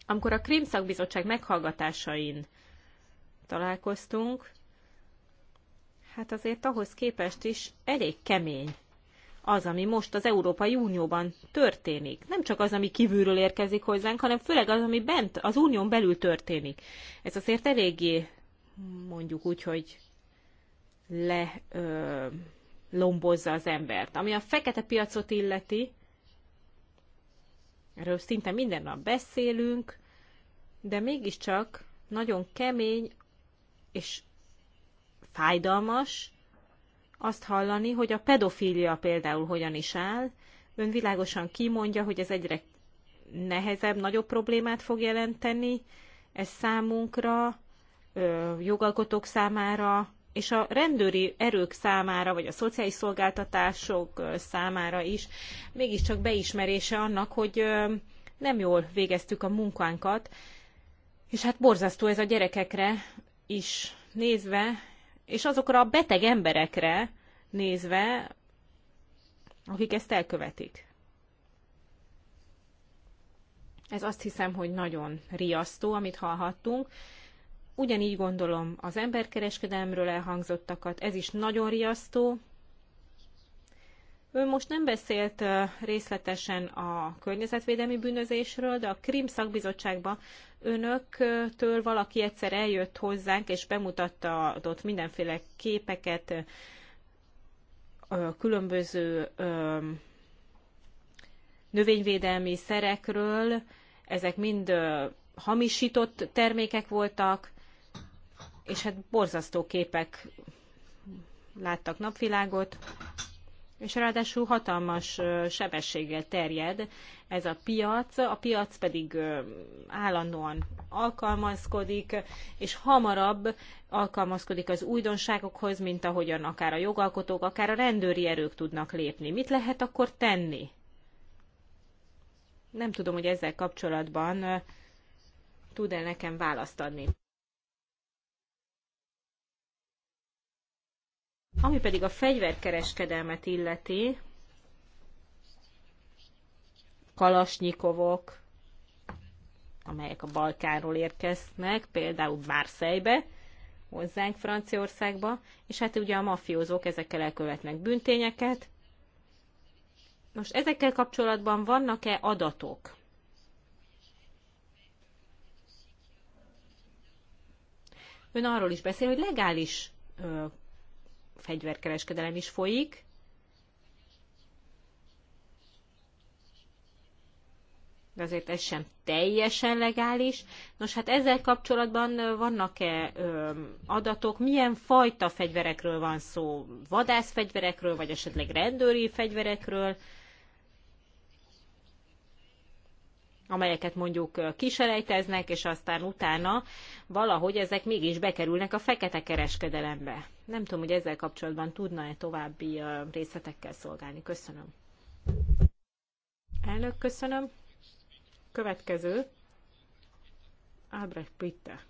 amikor a Krim szakbizottság meghallgatásain találkoztunk, hát azért ahhoz képest is elég kemény az, ami most az Európai Unióban történik. Nem csak az, ami kívülről érkezik hozzánk, hanem főleg az, ami bent, az unión belül történik. Ez azért eléggé, mondjuk úgy, hogy le ö, lombozza az embert. Ami a fekete piacot illeti, erről szinte minden nap beszélünk, de mégiscsak nagyon kemény és fájdalmas azt hallani, hogy a pedofília például hogyan is áll. Ön világosan kimondja, hogy ez egyre nehezebb, nagyobb problémát fog jelenteni. Ez számunkra, jogalkotók számára, és a rendőri erők számára, vagy a szociális szolgáltatások számára is mégiscsak beismerése annak, hogy nem jól végeztük a munkánkat, és hát borzasztó ez a gyerekekre is nézve, és azokra a beteg emberekre nézve, akik ezt elkövetik. Ez azt hiszem, hogy nagyon riasztó, amit hallhattunk. Ugyanígy gondolom az emberkereskedelmről elhangzottakat, ez is nagyon riasztó, Ön most nem beszélt részletesen a környezetvédelmi bűnözésről, de a Krim szakbizottságban önöktől valaki egyszer eljött hozzánk, és bemutatta adott mindenféle képeket, különböző növényvédelmi szerekről, ezek mind hamisított termékek voltak, és hát borzasztó képek láttak napvilágot és ráadásul hatalmas sebességgel terjed ez a piac, a piac pedig állandóan alkalmazkodik, és hamarabb alkalmazkodik az újdonságokhoz, mint ahogyan akár a jogalkotók, akár a rendőri erők tudnak lépni. Mit lehet akkor tenni? Nem tudom, hogy ezzel kapcsolatban tud-e nekem választ adni. Ami pedig a fegyverkereskedelmet illeti, kalasnyikovok, amelyek a Balkánról érkeznek, például Márszejbe, hozzánk Franciaországba, és hát ugye a mafiózók ezekkel elkövetnek büntényeket. Most ezekkel kapcsolatban vannak-e adatok? Ön arról is beszél, hogy legális fegyverkereskedelem is folyik. De azért ez sem teljesen legális. Nos, hát ezzel kapcsolatban vannak-e adatok, milyen fajta fegyverekről van szó? Vadászfegyverekről, vagy esetleg rendőri fegyverekről? amelyeket mondjuk kiselejteznek, és aztán utána valahogy ezek mégis bekerülnek a fekete kereskedelembe. Nem tudom, hogy ezzel kapcsolatban tudna-e további részletekkel szolgálni. Köszönöm. Elnök, köszönöm. Következő. Albrecht Pitte.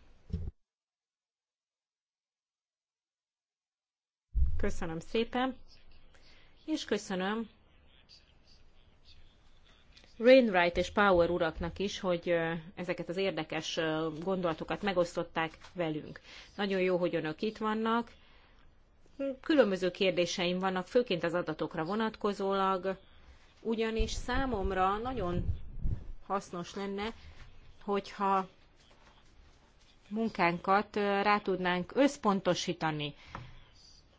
Köszönöm szépen, és köszönöm Rainwright és Power uraknak is, hogy ezeket az érdekes gondolatokat megosztották velünk. Nagyon jó, hogy önök itt vannak, különböző kérdéseim vannak, főként az adatokra vonatkozólag, ugyanis számomra nagyon hasznos lenne, hogyha munkánkat rá tudnánk összpontosítani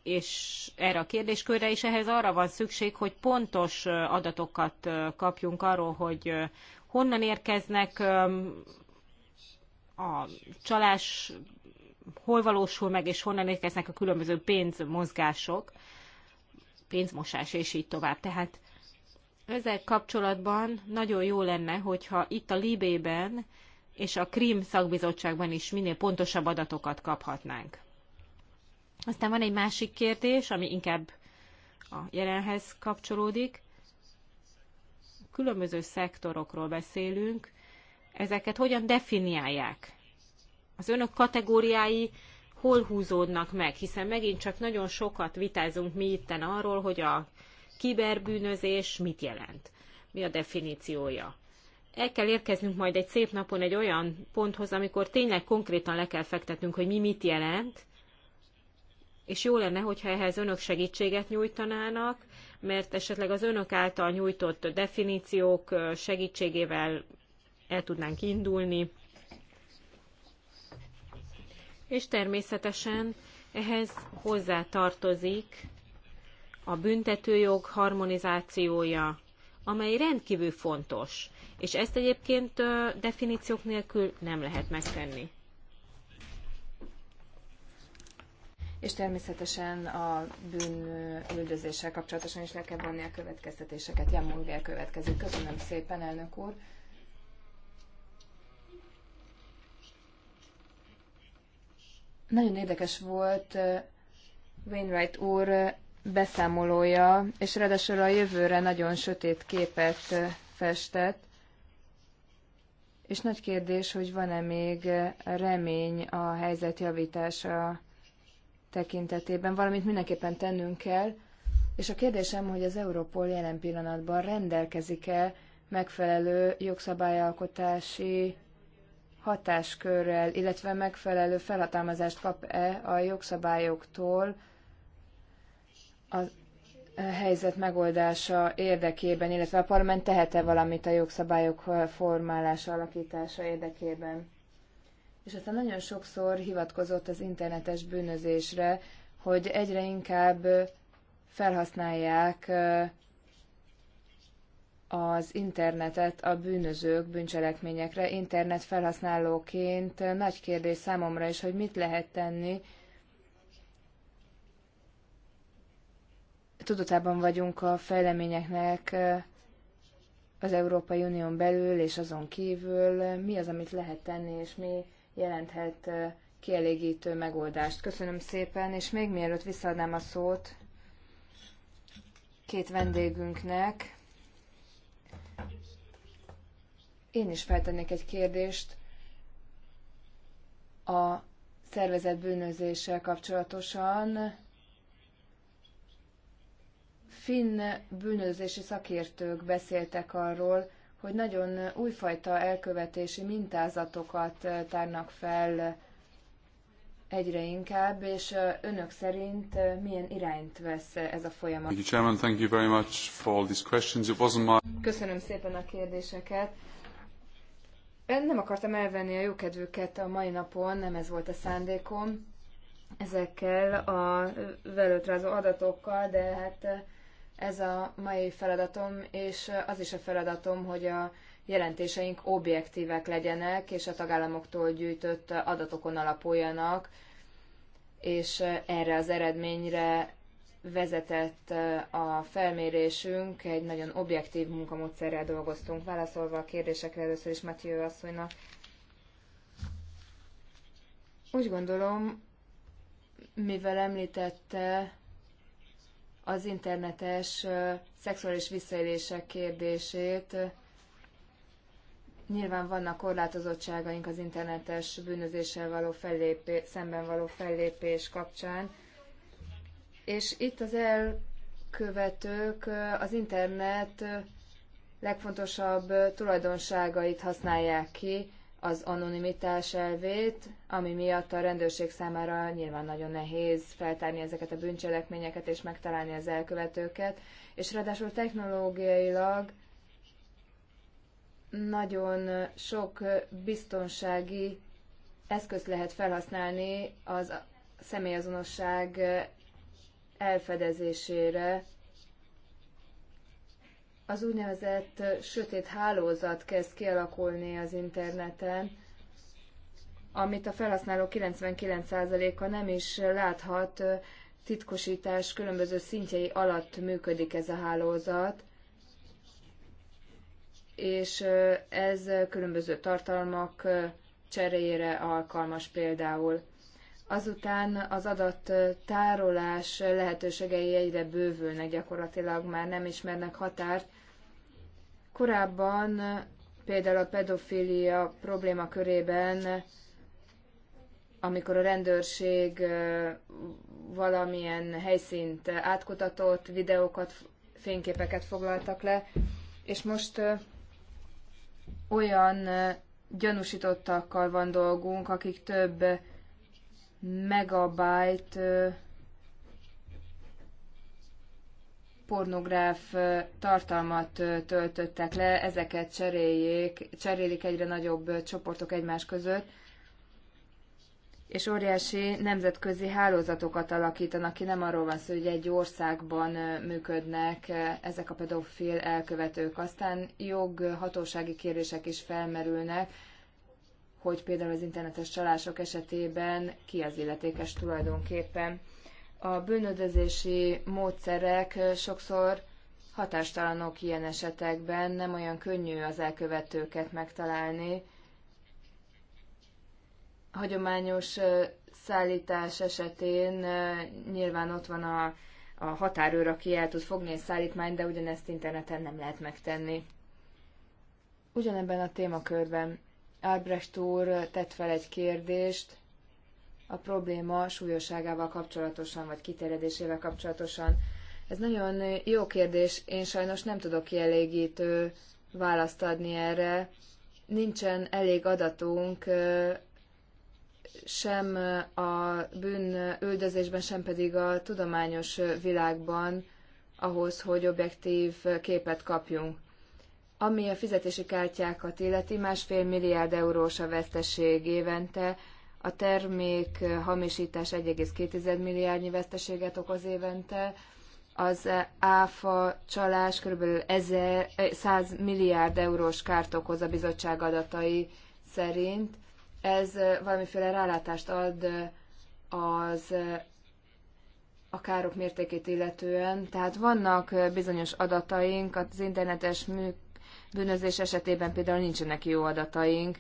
és erre a kérdéskörre, is ehhez arra van szükség, hogy pontos adatokat kapjunk arról, hogy honnan érkeznek a csalás hol valósul meg, és honnan érkeznek a különböző pénzmozgások, pénzmosás és így tovább. Tehát ezzel kapcsolatban nagyon jó lenne, hogyha itt a Libében és a Krim szakbizottságban is minél pontosabb adatokat kaphatnánk. Aztán van egy másik kérdés, ami inkább a jelenhez kapcsolódik. Különböző szektorokról beszélünk. Ezeket hogyan definiálják? az önök kategóriái hol húzódnak meg, hiszen megint csak nagyon sokat vitázunk mi itten arról, hogy a kiberbűnözés mit jelent, mi a definíciója. El kell érkeznünk majd egy szép napon egy olyan ponthoz, amikor tényleg konkrétan le kell fektetnünk, hogy mi mit jelent, és jó lenne, hogyha ehhez önök segítséget nyújtanának, mert esetleg az önök által nyújtott definíciók segítségével el tudnánk indulni, és természetesen ehhez hozzá tartozik a büntetőjog harmonizációja, amely rendkívül fontos, és ezt egyébként definíciók nélkül nem lehet megtenni. És természetesen a bűnüldözéssel kapcsolatosan is le kell vonni a következtetéseket. Jan Mulger következik. Köszönöm szépen, elnök úr. Nagyon érdekes volt Wainwright úr beszámolója, és ráadásul a jövőre nagyon sötét képet festett. És nagy kérdés, hogy van-e még remény a helyzet javítása tekintetében. Valamit mindenképpen tennünk kell. És a kérdésem, hogy az Európol jelen pillanatban rendelkezik-e megfelelő jogszabályalkotási hatáskörrel, illetve megfelelő felhatalmazást kap-e a jogszabályoktól a helyzet megoldása érdekében, illetve a parlament tehet-e valamit a jogszabályok formálása, alakítása érdekében. És aztán nagyon sokszor hivatkozott az internetes bűnözésre, hogy egyre inkább felhasználják az internetet a bűnözők bűncselekményekre. Internet felhasználóként nagy kérdés számomra is, hogy mit lehet tenni. Tudatában vagyunk a fejleményeknek eh, az Európai Unión belül és azon kívül. Mi az, amit lehet tenni, és mi jelenthet eh, kielégítő megoldást. Köszönöm szépen, és még mielőtt visszaadnám a szót két vendégünknek, Én is feltennék egy kérdést a szervezet bűnözéssel kapcsolatosan. Finn bűnözési szakértők beszéltek arról, hogy nagyon újfajta elkövetési mintázatokat eh, tárnak fel egyre inkább, és eh, önök szerint eh, milyen irányt vesz ez a folyamat? Köszönöm szépen a kérdéseket én Nem akartam elvenni a jókedvüket a mai napon, nem ez volt a szándékom ezekkel a velőtrázó adatokkal, de hát ez a mai feladatom, és az is a feladatom, hogy a jelentéseink objektívek legyenek, és a tagállamoktól gyűjtött adatokon alapuljanak, és erre az eredményre vezetett eh, a felmérésünk, egy nagyon objektív munkamódszerrel dolgoztunk. Válaszolva a kérdésekre először is Matyő asszonynak, úgy gondolom, mivel említette az internetes eh, szexuális visszaélések kérdését, nyilván vannak korlátozottságaink az internetes bűnözéssel való fellépé, szemben való fellépés kapcsán, és itt az elkövetők az internet legfontosabb tulajdonságait használják ki, az anonimitás elvét, ami miatt a rendőrség számára nyilván nagyon nehéz feltárni ezeket a bűncselekményeket és megtalálni az elkövetőket, és ráadásul technológiailag nagyon sok biztonsági eszközt lehet felhasználni az személyazonosság elfedezésére az úgynevezett sötét hálózat kezd kialakulni az interneten, amit a felhasználó 99%-a nem is láthat, titkosítás különböző szintjei alatt működik ez a hálózat, és ez különböző tartalmak cseréjére alkalmas például. Azután az adattárolás lehetőségei egyre bővülnek, gyakorlatilag már nem ismernek határt. Korábban például a pedofília probléma körében, amikor a rendőrség valamilyen helyszínt átkutatott, videókat, fényképeket foglaltak le, és most olyan gyanúsítottakkal van dolgunk, akik több megabájt pornográf tartalmat töltöttek le, ezeket cseréljék, cserélik egyre nagyobb csoportok egymás között, és óriási nemzetközi hálózatokat alakítanak ki. Nem arról van szó, hogy egy országban működnek ezek a pedofil elkövetők. Aztán joghatósági kérések is felmerülnek, hogy például az internetes csalások esetében ki az illetékes tulajdonképpen. A bűnöldözési módszerek sokszor hatástalanok ilyen esetekben, nem olyan könnyű az elkövetőket megtalálni. Hagyományos szállítás esetén nyilván ott van a, a határőr, aki el tud fogni egy szállítmányt, de ugyanezt interneten nem lehet megtenni. Ugyanebben a témakörben Albrecht úr tett fel egy kérdést a probléma súlyosságával kapcsolatosan, vagy kiterjedésével kapcsolatosan. Ez nagyon jó kérdés, én sajnos nem tudok kielégítő választ adni erre. Nincsen elég adatunk sem a bűn üldözésben, sem pedig a tudományos világban ahhoz, hogy objektív képet kapjunk. Ami a fizetési kártyákat illeti, másfél milliárd eurós a veszteség évente, a termék hamisítás 1,2 milliárdnyi veszteséget okoz évente, az áfa csalás kb. 100 eh, milliárd eurós kárt okoz a bizottság adatai szerint. Ez eh, valamiféle rálátást ad eh, az a károk mértékét illetően. Tehát vannak bizonyos adataink az internetes műk bűnözés esetében például nincsenek jó adataink.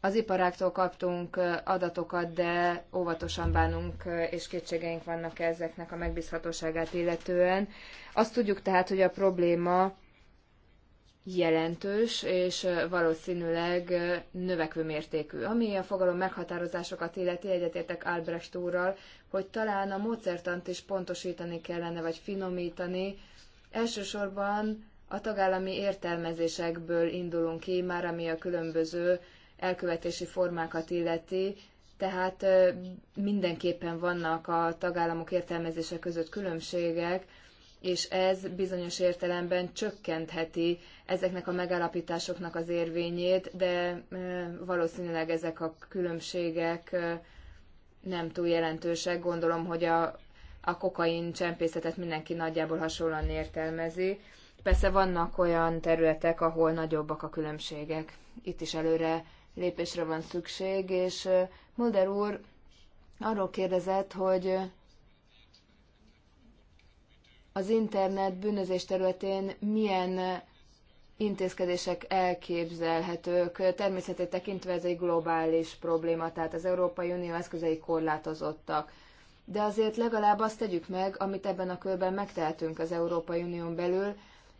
Az iparáktól kaptunk adatokat, de óvatosan bánunk, és kétségeink vannak ezeknek a megbízhatóságát illetően. Azt tudjuk tehát, hogy a probléma jelentős, és valószínűleg növekvő mértékű. Ami a fogalom meghatározásokat illeti, egyetértek Albrecht úrral, hogy talán a módszertant is pontosítani kellene, vagy finomítani. Elsősorban a tagállami értelmezésekből indulunk ki, már ami a különböző elkövetési formákat illeti, tehát mindenképpen vannak a tagállamok értelmezése között különbségek, és ez bizonyos értelemben csökkentheti ezeknek a megállapításoknak az érvényét, de valószínűleg ezek a különbségek nem túl jelentősek. Gondolom, hogy a, a kokain csempészetet mindenki nagyjából hasonlóan értelmezi. Persze vannak olyan területek, ahol nagyobbak a különbségek. Itt is előre lépésre van szükség, és Mulder úr arról kérdezett, hogy az internet bűnözés területén milyen intézkedések elképzelhetők. Természetét tekintve ez egy globális probléma, tehát az Európai Unió eszközei korlátozottak. De azért legalább azt tegyük meg, amit ebben a körben megtehetünk az Európai Unión belül,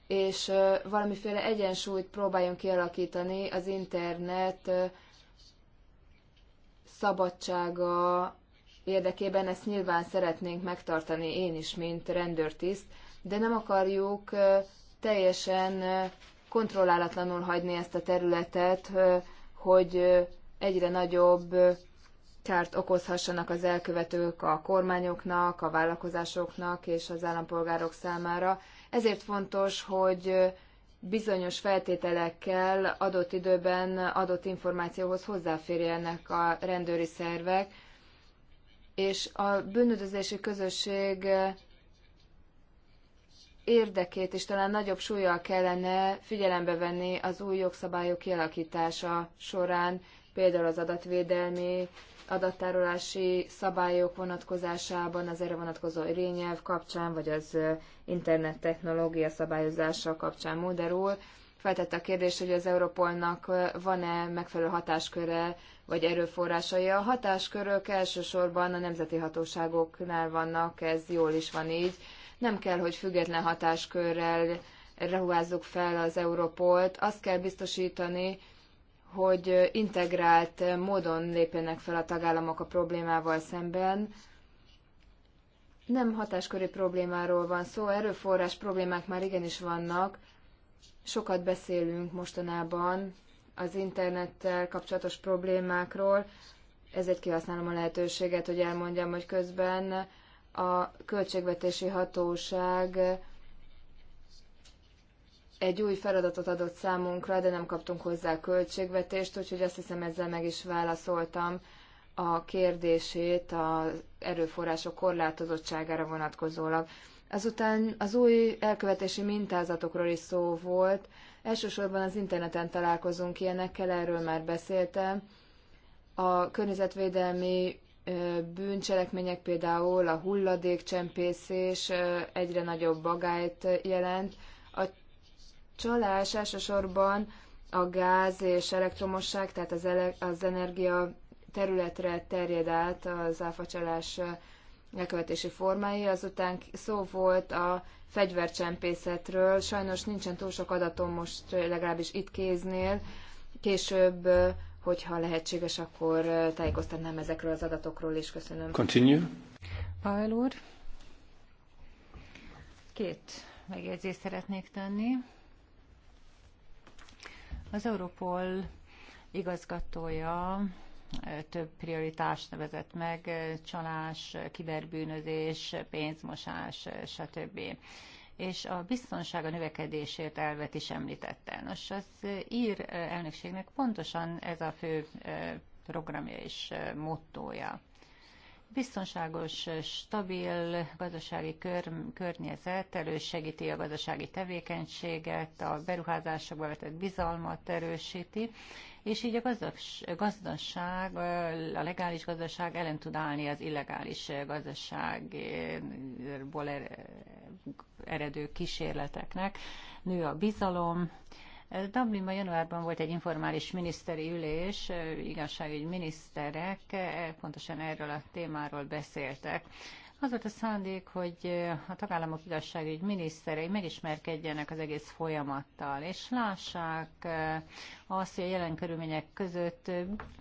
és valamiféle egyensúlyt próbáljon kialakítani az internet szabadsága érdekében. Ezt nyilván szeretnénk megtartani én is, mint rendőrtiszt, de nem akarjuk teljesen kontrollálatlanul hagyni ezt a területet, hogy egyre nagyobb kárt okozhassanak az elkövetők a kormányoknak, a vállalkozásoknak és az állampolgárok számára ezért fontos, hogy bizonyos feltételekkel adott időben adott információhoz hozzáférjenek a rendőri szervek, és a bűnözési közösség érdekét is talán nagyobb súlyjal kellene figyelembe venni az új jogszabályok kialakítása során, például az adatvédelmi adattárolási szabályok vonatkozásában, az erre vonatkozó irényelv kapcsán, vagy az internet technológia szabályozása kapcsán moderul. feltette a kérdést, hogy az Europolnak van-e megfelelő hatásköre vagy erőforrásai. A hatáskörök elsősorban a nemzeti hatóságoknál vannak, ez jól is van így. Nem kell, hogy független hatáskörrel rehuázzuk fel az Europolt. Azt kell biztosítani, hogy integrált módon lépjenek fel a tagállamok a problémával szemben. Nem hatásköri problémáról van szó, erőforrás problémák már igenis vannak. Sokat beszélünk mostanában az internettel kapcsolatos problémákról. Ezért kihasználom a lehetőséget, hogy elmondjam, hogy közben a költségvetési hatóság egy új feladatot adott számunkra, de nem kaptunk hozzá költségvetést, úgyhogy azt hiszem ezzel meg is válaszoltam a kérdését az erőforrások korlátozottságára vonatkozólag. Azután az új elkövetési mintázatokról is szó volt. Elsősorban az interneten találkozunk ilyenekkel, erről már beszéltem. A környezetvédelmi bűncselekmények például a hulladékcsempészés egyre nagyobb bagályt jelent, csalás elsősorban a gáz és elektromosság, tehát az, ele- az energia területre terjed át az áfacsalás elkövetési formái, azután szó volt a fegyvercsempészetről, sajnos nincsen túl sok adatom most legalábbis itt kéznél, később, hogyha lehetséges, akkor tájékoztatnám ezekről az adatokról is. Köszönöm. Continue. Pavel úr, két megjegyzést szeretnék tenni. Az Europol igazgatója több prioritást nevezett meg, csalás, kiberbűnözés, pénzmosás, stb. És a biztonsága növekedésért elvet is említette. Nos, az ír elnökségnek pontosan ez a fő programja és mottója biztonságos, stabil gazdasági kör, környezet elősegíti a gazdasági tevékenységet, a beruházásokba vetett bizalmat erősíti, és így a gazdaság, a legális gazdaság ellen tud állni az illegális gazdaságból er-, eredő kísérleteknek. Nő a bizalom, Dublinban januárban volt egy informális miniszteri ülés, igazságügyi miniszterek pontosan erről a témáról beszéltek. Az volt a szándék, hogy a tagállamok igazságügyi miniszterei megismerkedjenek az egész folyamattal, és lássák azt, hogy a jelen körülmények között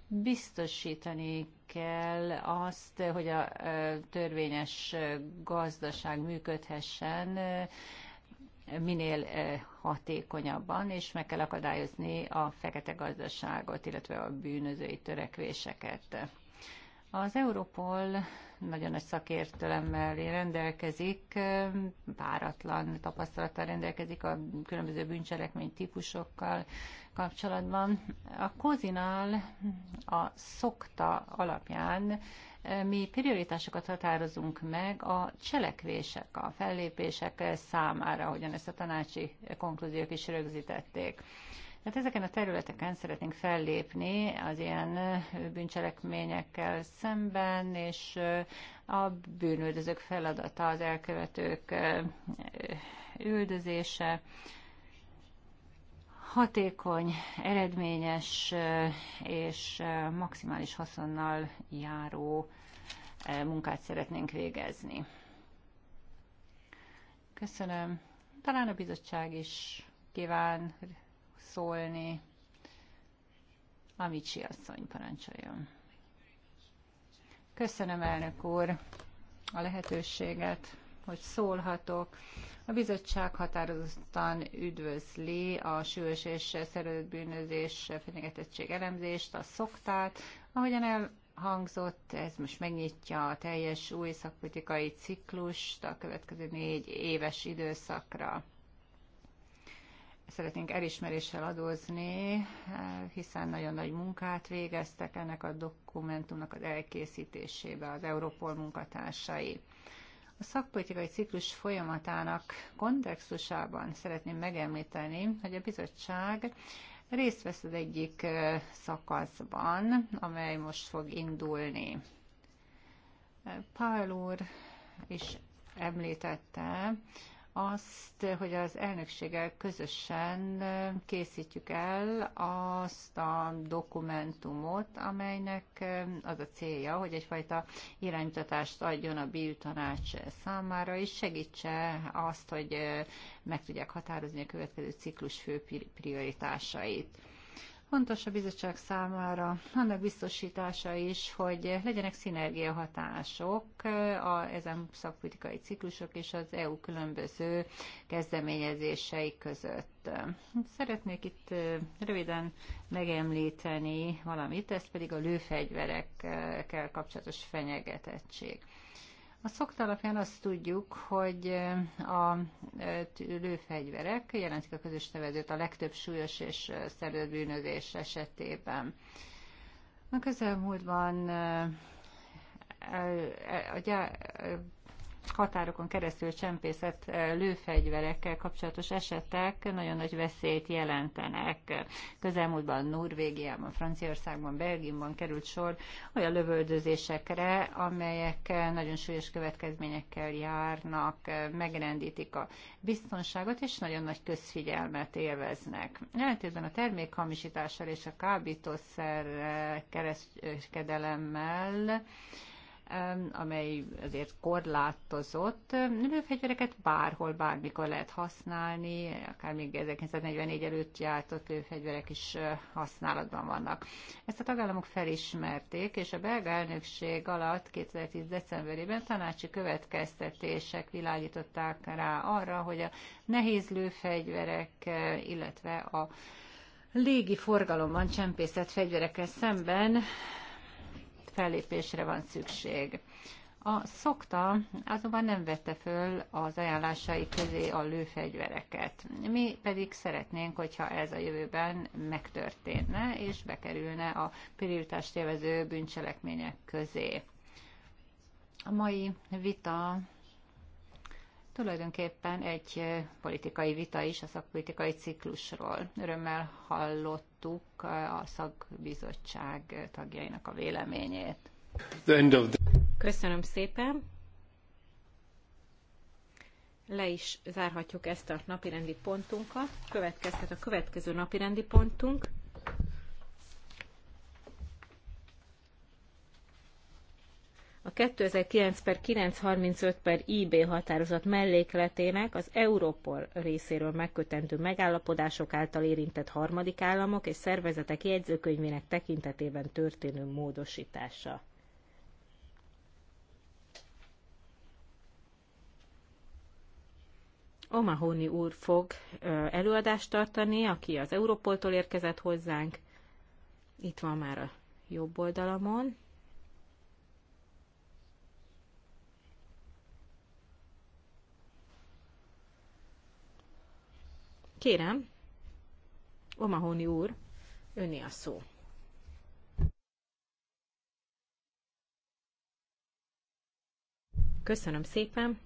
biztosítani kell azt, hogy a törvényes gazdaság működhessen minél eh, hatékonyabban, és meg kell akadályozni a fekete gazdaságot, illetve a bűnözői törekvéseket. Az Europol nagyon nagy szakértelemmel rendelkezik, eh, páratlan tapasztalattal rendelkezik a különböző bűncselekmény típusokkal kapcsolatban. A Kozinál a szokta alapján mi prioritásokat határozunk meg a cselekvések, a fellépések számára, ahogyan ezt a tanácsi konklúziók is rögzítették. Tehát ezeken a területeken szeretnénk fellépni az ilyen bűncselekményekkel szemben, és a bűnöldözők feladata, az elkövetők üldözése, hatékony, eredményes és maximális haszonnal járó munkát szeretnénk végezni. Köszönöm. Talán a bizottság is kíván szólni. si asszony, parancsoljon. Köszönöm, elnök úr, a lehetőséget hogy szólhatok. A bizottság határozottan üdvözli a sűrűs és szervezett bűnözés fenyegetettség elemzést, a szoktát. Ahogyan elhangzott, ez most megnyitja a teljes új szakpolitikai ciklust a következő négy éves időszakra szeretnénk elismeréssel adózni, hiszen nagyon nagy munkát végeztek ennek a dokumentumnak az elkészítésébe az Európol munkatársai. A szakpolitikai ciklus folyamatának kontextusában szeretném megemlíteni, hogy a bizottság részt vesz az egyik szakaszban, amely most fog indulni. Pál úr is említette azt, hogy az elnökséggel közösen készítjük el azt a dokumentumot, amelynek az a célja, hogy egyfajta iránymutatást adjon a BIL tanács számára, és segítse azt, hogy meg tudják határozni a következő ciklus fő prioritásait. Fontos a bizottság számára annak biztosítása is, hogy legyenek szinergiahatások eh, a ezen szakpolitikai ciklusok és az EU különböző kezdeményezései között. Szeretnék itt eh, röviden megemlíteni valamit, ez pedig a lőfegyverekkel kapcsolatos fenyegetettség. A szokta alapján azt tudjuk, hogy a lőfegyverek jelentik a közös nevezőt a legtöbb súlyos és szervezett bűnözés esetében. A közelmúltban a határokon keresztül csempészett eh, lőfegyverekkel kapcsolatos esetek nagyon nagy veszélyt jelentenek. Közelmúltban Norvégiában, Franciaországban, Belgiumban került sor olyan lövöldözésekre, amelyek eh, nagyon súlyos következményekkel járnak, eh, megrendítik a biztonságot, és nagyon nagy közfigyelmet élveznek. Ellentétben a termékhamisítással és a kábítószer kereskedelemmel amely azért korlátozott. Lőfegyvereket bárhol, bármikor lehet használni, akár még 1944 előtt gyártott lőfegyverek is használatban vannak. Ezt a tagállamok felismerték, és a belga elnökség alatt 2010. decemberében tanácsi következtetések világították rá arra, hogy a nehéz lőfegyverek, illetve a légi forgalomban csempészett fegyverekkel szemben fellépésre van szükség. A szokta azonban nem vette föl az ajánlásai közé a lőfegyvereket. Mi pedig szeretnénk, hogyha ez a jövőben megtörténne, és bekerülne a prioritást élvező bűncselekmények közé. A mai vita tulajdonképpen egy politikai vita is a szakpolitikai ciklusról. Örömmel hallott hallgattuk eh, a szakbizottság tagjainak a véleményét. Köszönöm szépen! Le is zárhatjuk ezt a napirendi pontunkat. Következhet a következő napirendi pontunk. a 2009 per 935 per IB határozat mellékletének az Europol részéről megkötendő megállapodások által érintett harmadik államok és szervezetek jegyzőkönyvének tekintetében történő módosítása. Omahoni úr fog előadást tartani, aki az Europoltól érkezett hozzánk. Itt van már a jobb oldalamon. Kérem, Omahoni úr, önni a szó. Köszönöm szépen.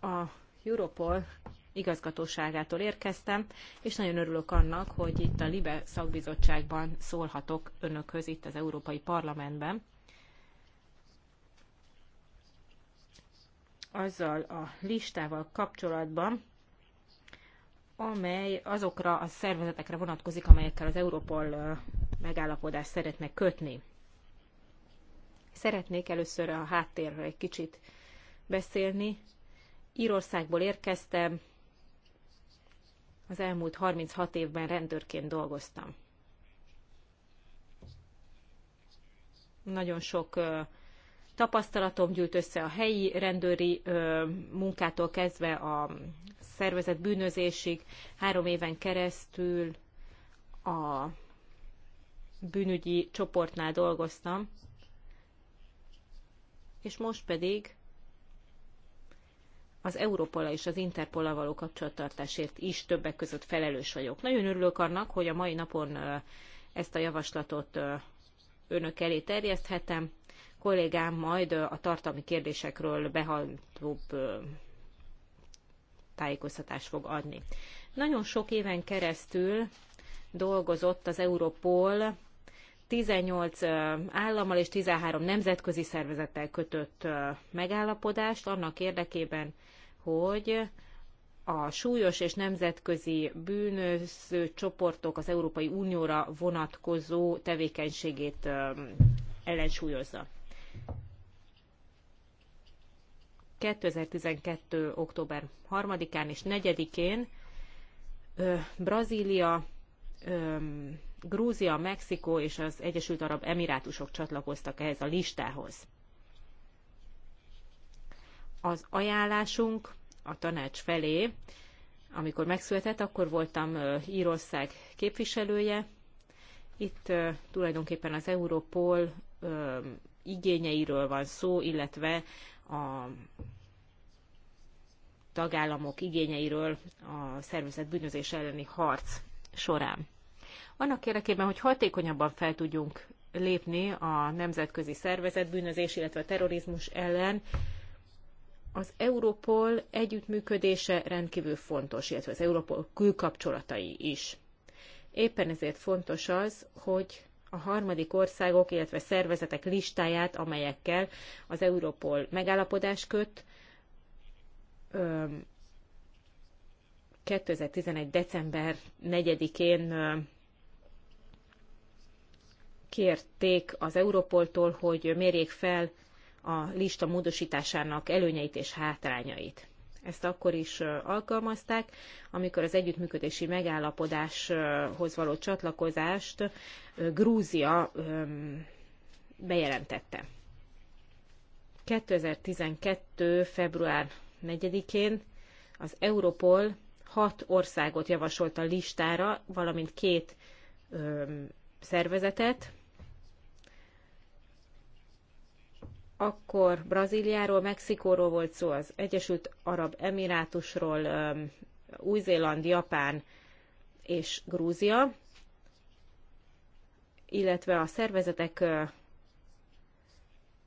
A Europol igazgatóságától érkeztem, és nagyon örülök annak, hogy itt a Libe szakbizottságban szólhatok önökhöz itt az Európai Parlamentben. azzal a listával kapcsolatban, amely azokra a szervezetekre vonatkozik, amelyekkel az Európol megállapodást szeretne kötni. Szeretnék először a háttérről egy kicsit beszélni. Írországból érkeztem, az elmúlt 36 évben rendőrként dolgoztam. Nagyon sok tapasztalatom gyűlt össze a helyi rendőri munkától kezdve a szervezet bűnözésig, három éven keresztül a bűnügyi csoportnál dolgoztam, és most pedig az Európola és az Interpola való kapcsolattartásért is többek között felelős vagyok. Nagyon örülök annak, hogy a mai napon ezt a javaslatot önök elé terjeszthetem, kollégám majd a tartalmi kérdésekről behatóbb tájékoztatást fog adni. Nagyon sok éven keresztül dolgozott az Europol 18 állammal és 13 nemzetközi szervezettel kötött megállapodást annak érdekében, hogy a súlyos és nemzetközi bűnöző csoportok az Európai Unióra vonatkozó tevékenységét ellensúlyozza. 2012. október 3-án és 4-én Brazília, Grúzia, Mexikó és az Egyesült Arab Emirátusok csatlakoztak ehhez a listához. Az ajánlásunk a tanács felé, amikor megszületett, akkor voltam Írország képviselője. Itt tulajdonképpen az Európol igényeiről van szó, illetve a tagállamok igényeiről a szervezet bűnözés elleni harc során. Annak érdekében, hogy hatékonyabban fel tudjunk lépni a nemzetközi szervezet bűnözés, illetve a terrorizmus ellen, az Európol együttműködése rendkívül fontos, illetve az Európol külkapcsolatai is. Éppen ezért fontos az, hogy a harmadik országok, illetve szervezetek listáját, amelyekkel az Europol megállapodás köt. 2011. december 4-én kérték az Europoltól, hogy mérjék fel a lista módosításának előnyeit és hátrányait. Ezt akkor is alkalmazták, amikor az együttműködési megállapodáshoz való csatlakozást Grúzia bejelentette. 2012. február 4-én az Europol hat országot javasolt a listára, valamint két szervezetet, akkor Brazíliáról, Mexikóról volt szó, az Egyesült Arab Emirátusról, Új-Zéland, Japán és Grúzia, illetve a szervezetek,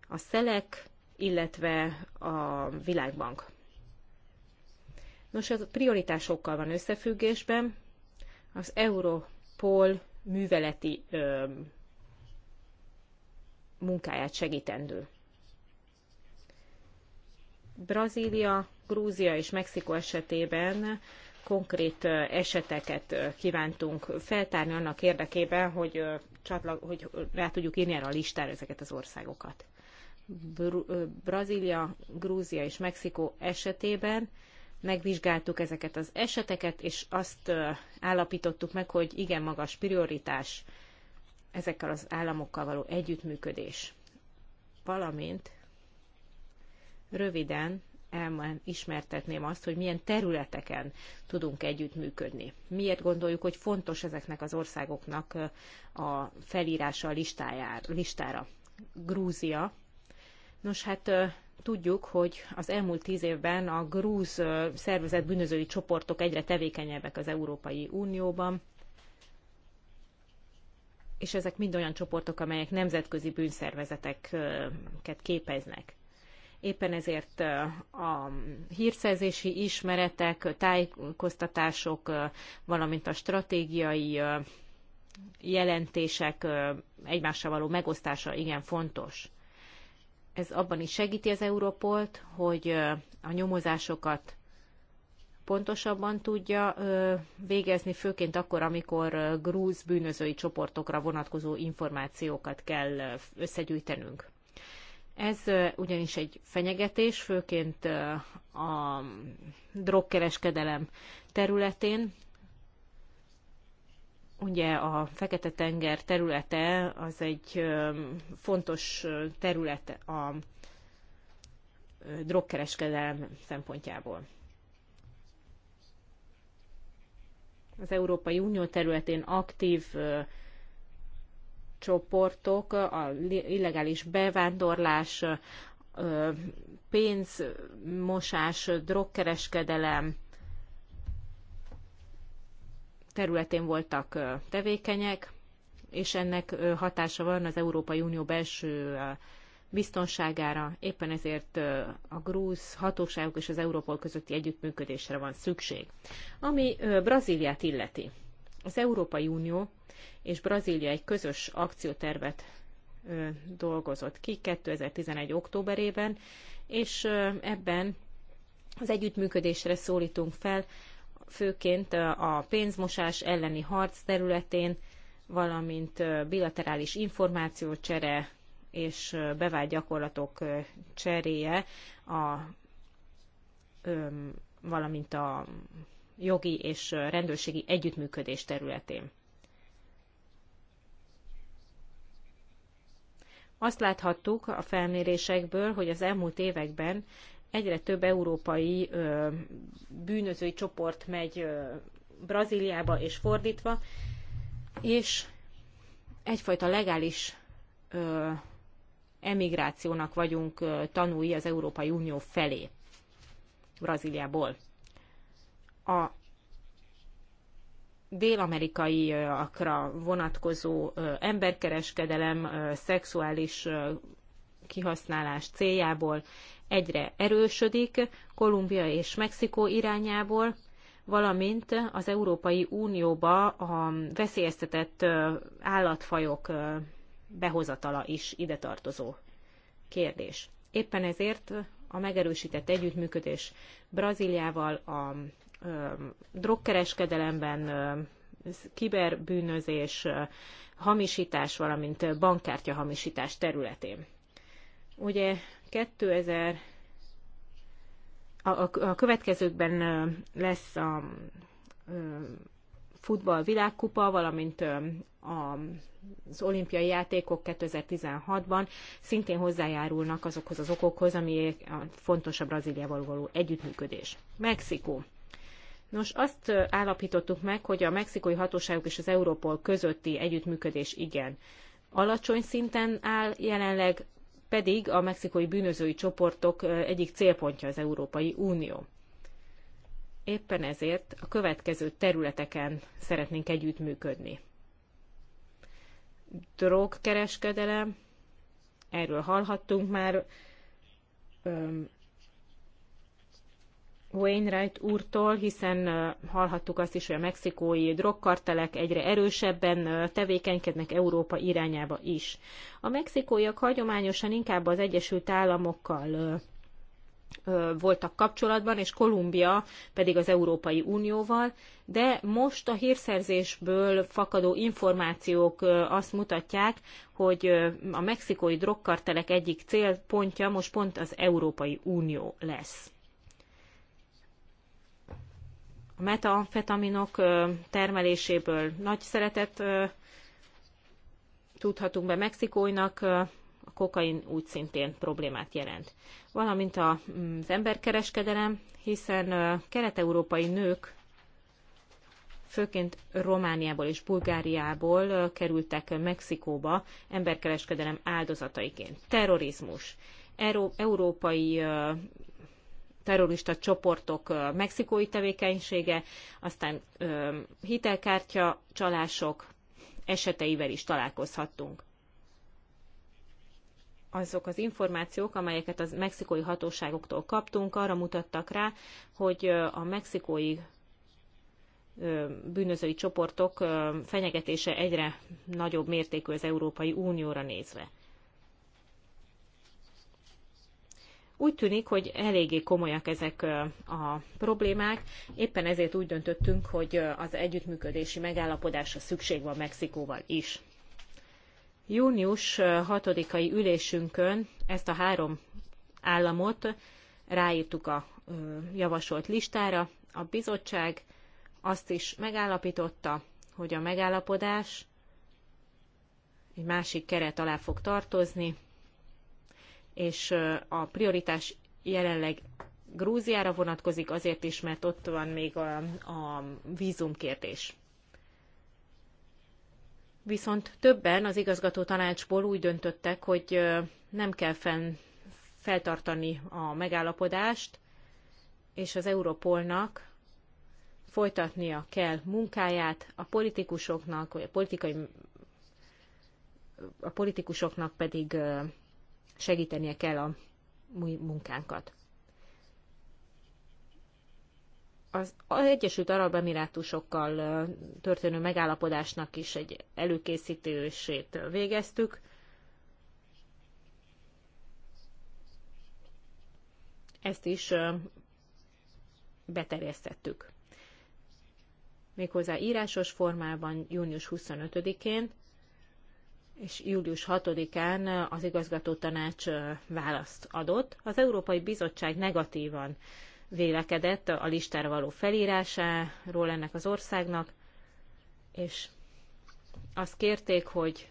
a szelek, illetve a Világbank. Nos, a prioritásokkal van összefüggésben. Az Europol műveleti ö, munkáját segítendő. Brazília, Grúzia és Mexikó esetében konkrét eseteket kívántunk feltárni annak érdekében, hogy, csatlak, hogy rá tudjuk írni erre a listára ezeket az országokat. Br- Brazília, Grúzia és Mexikó esetében megvizsgáltuk ezeket az eseteket, és azt állapítottuk meg, hogy igen magas prioritás ezekkel az államokkal való együttműködés, valamint röviden ismertetném azt, hogy milyen területeken tudunk együttműködni. Miért gondoljuk, hogy fontos ezeknek az országoknak a felírása a listájára, listára? Grúzia. Nos, hát tudjuk, hogy az elmúlt tíz évben a grúz szervezet bűnözői csoportok egyre tevékenyebbek az Európai Unióban, és ezek mind olyan csoportok, amelyek nemzetközi bűnszervezeteket képeznek. Éppen ezért a hírszerzési ismeretek, tájékoztatások, valamint a stratégiai jelentések egymással való megosztása igen fontos. Ez abban is segíti az Európolt, hogy a nyomozásokat pontosabban tudja végezni, főként akkor, amikor grúz bűnözői csoportokra vonatkozó információkat kell összegyűjtenünk. Ez ugyanis egy fenyegetés, főként a drogkereskedelem területén. Ugye a Fekete-tenger területe az egy fontos terület a drogkereskedelem szempontjából. Az Európai Unió területén aktív csoportok, a illegális bevándorlás, pénzmosás, drogkereskedelem területén voltak tevékenyek, és ennek hatása van az Európai Unió belső biztonságára, éppen ezért a grúz hatóságok és az Európol közötti együttműködésre van szükség. Ami Brazíliát illeti. Az Európai Unió és Brazília egy közös akciótervet dolgozott ki 2011. októberében, és ebben az együttműködésre szólítunk fel, főként a pénzmosás elleni harc területén, valamint bilaterális információcsere és bevált gyakorlatok cseréje, a, valamint a jogi és rendőrségi együttműködés területén. Azt láthattuk a felmérésekből, hogy az elmúlt években egyre több európai ö, bűnözői csoport megy ö, Brazíliába és fordítva, és egyfajta legális ö, emigrációnak vagyunk ö, tanúi az Európai Unió felé, Brazíliából a dél-amerikaiakra vonatkozó emberkereskedelem, szexuális kihasználás céljából egyre erősödik, Kolumbia és Mexikó irányából, valamint az Európai Unióba a veszélyeztetett állatfajok behozatala is ide tartozó kérdés. Éppen ezért a megerősített együttműködés Brazíliával, a drogkereskedelemben, kiberbűnözés, hamisítás, valamint bankkártya hamisítás területén. Ugye 2000 a, a, a következőkben lesz a futball világkupa, valamint az olimpiai játékok 2016-ban szintén hozzájárulnak azokhoz az okokhoz, ami fontos a Brazíliával való együttműködés. Mexikó. Nos, azt állapítottuk meg, hogy a mexikói hatóságok és az Európol közötti együttműködés igen alacsony szinten áll jelenleg, pedig a mexikói bűnözői csoportok egyik célpontja az Európai Unió. Éppen ezért a következő területeken szeretnénk együttműködni. Drogkereskedelem, erről hallhattunk már, Wainwright úrtól, hiszen hallhattuk azt is, hogy a mexikói drogkartelek egyre erősebben tevékenykednek Európa irányába is. A mexikóiak hagyományosan inkább az Egyesült Államokkal voltak kapcsolatban, és Kolumbia pedig az Európai Unióval, de most a hírszerzésből fakadó információk azt mutatják, hogy a mexikói drogkartelek egyik célpontja most pont az Európai Unió lesz a metamfetaminok termeléséből nagy szeretet tudhatunk be Mexikóinak, a kokain úgy szintén problémát jelent. Valamint mm, az emberkereskedelem, hiszen kelet-európai nők főként Romániából és Bulgáriából kerültek Mexikóba emberkereskedelem áldozataiként. Terrorizmus, Euró- európai terrorista csoportok mexikói tevékenysége, aztán hitelkártya csalások eseteivel is találkozhattunk. Azok az információk, amelyeket az mexikói hatóságoktól kaptunk, arra mutattak rá, hogy a mexikói bűnözői csoportok fenyegetése egyre nagyobb mértékű az Európai Unióra nézve. Úgy tűnik, hogy eléggé komolyak ezek a problémák, éppen ezért úgy döntöttünk, hogy az együttműködési megállapodásra szükség van Mexikóval is. Június 6-ai ülésünkön ezt a három államot ráírtuk a javasolt listára. A bizottság azt is megállapította, hogy a megállapodás egy másik keret alá fog tartozni, és a prioritás jelenleg Grúziára vonatkozik azért is, mert ott van még a, a vízumkérdés. Viszont többen az igazgató tanácsból úgy döntöttek, hogy nem kell fenn, feltartani a megállapodást, és az Európolnak folytatnia kell munkáját, a politikusoknak, vagy a politikai a politikusoknak pedig segítenie kell a munkánkat. Az Egyesült Arab Emirátusokkal történő megállapodásnak is egy előkészítését végeztük. Ezt is beterjesztettük. Méghozzá írásos formában június 25-én és július 6-án az igazgató tanács választ adott. Az Európai Bizottság negatívan vélekedett a listára való felírásáról ennek az országnak, és azt kérték, hogy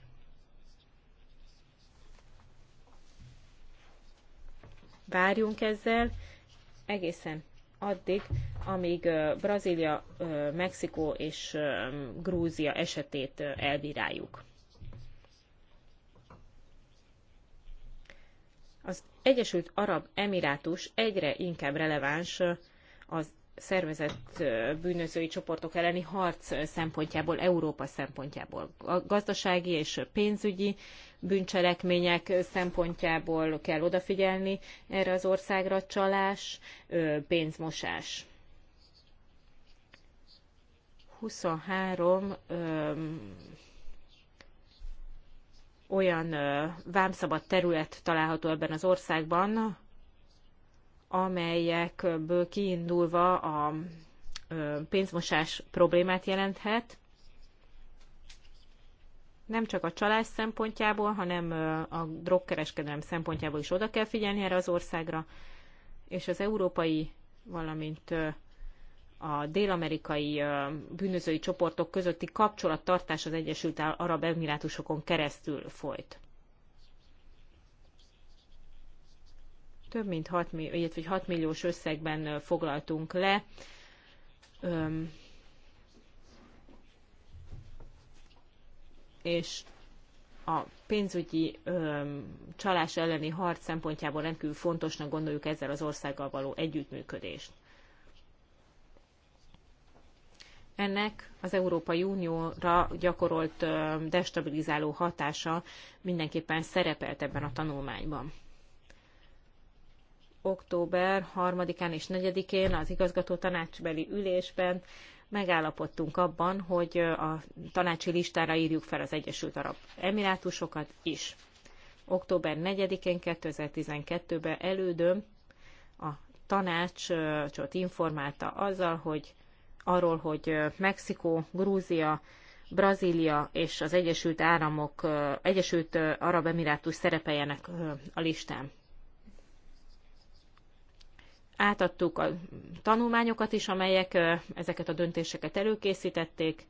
várjunk ezzel egészen addig, amíg Brazília, Mexikó és Grúzia esetét elbíráljuk. Egyesült Arab Emirátus egyre inkább releváns az szervezett bűnözői csoportok elleni harc szempontjából, Európa szempontjából, a gazdasági és pénzügyi bűncselekmények szempontjából kell odafigyelni erre az országra, csalás, pénzmosás. 23 olyan vámszabad terület található ebben az országban, amelyekből kiindulva a pénzmosás problémát jelenthet, nem csak a csalás szempontjából, hanem a drogkereskedelem szempontjából is oda kell figyelni erre az országra, és az európai, valamint a dél-amerikai bűnözői csoportok közötti kapcsolattartás az Egyesült Arab Emirátusokon keresztül folyt. Több mint 6, illetve 6 milliós összegben foglaltunk le és a pénzügyi öm, csalás elleni harc szempontjából rendkívül fontosnak gondoljuk ezzel az országgal való együttműködést. Ennek az Európai Unióra gyakorolt destabilizáló hatása mindenképpen szerepelt ebben a tanulmányban. Október 3-án és 4-én az igazgató tanácsbeli ülésben megállapodtunk abban, hogy a tanácsi listára írjuk fel az Egyesült Arab Emirátusokat is. Október 4-én 2012-ben elődöm a tanácsot informálta azzal, hogy arról, hogy Mexikó, Grúzia, Brazília és az Egyesült Államok, Egyesült Arab Emirátus szerepeljenek a listán. Átadtuk a tanulmányokat is, amelyek ezeket a döntéseket előkészítették,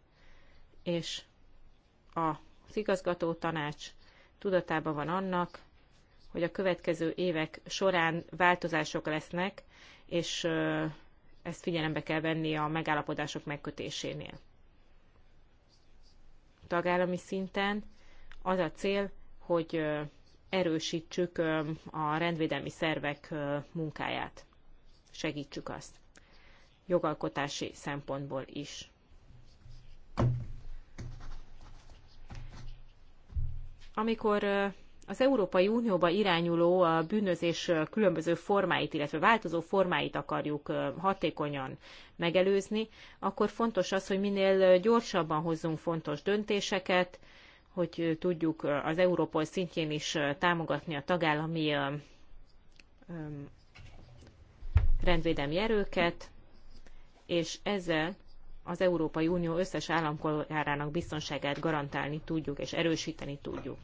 és a igazgató tanács tudatában van annak, hogy a következő évek során változások lesznek, és ezt figyelembe kell venni a megállapodások megkötésénél. Tagállami szinten az a cél, hogy erősítsük a rendvédelmi szervek munkáját, segítsük azt jogalkotási szempontból is. Amikor az Európai Unióba irányuló a bűnözés különböző formáit, illetve változó formáit akarjuk hatékonyan megelőzni, akkor fontos az, hogy minél gyorsabban hozzunk fontos döntéseket, hogy tudjuk az Európol szintjén is támogatni a tagállami rendvédelmi erőket, és ezzel az Európai Unió összes állampolgárának biztonságát garantálni tudjuk és erősíteni tudjuk.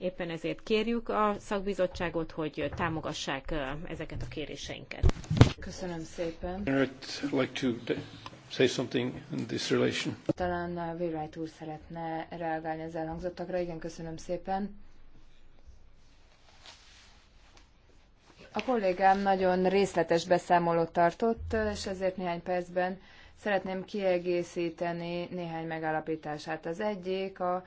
Éppen ezért kérjük a szakbizottságot, hogy támogassák ezeket a kéréseinket. Köszönöm szépen. I'd like to say something in this relation. Talán úr szeretne reagálni az elhangzottakra. Igen, köszönöm szépen. A kollégám nagyon részletes beszámolót tartott, és ezért néhány percben szeretném kiegészíteni néhány megállapítását. Az egyik a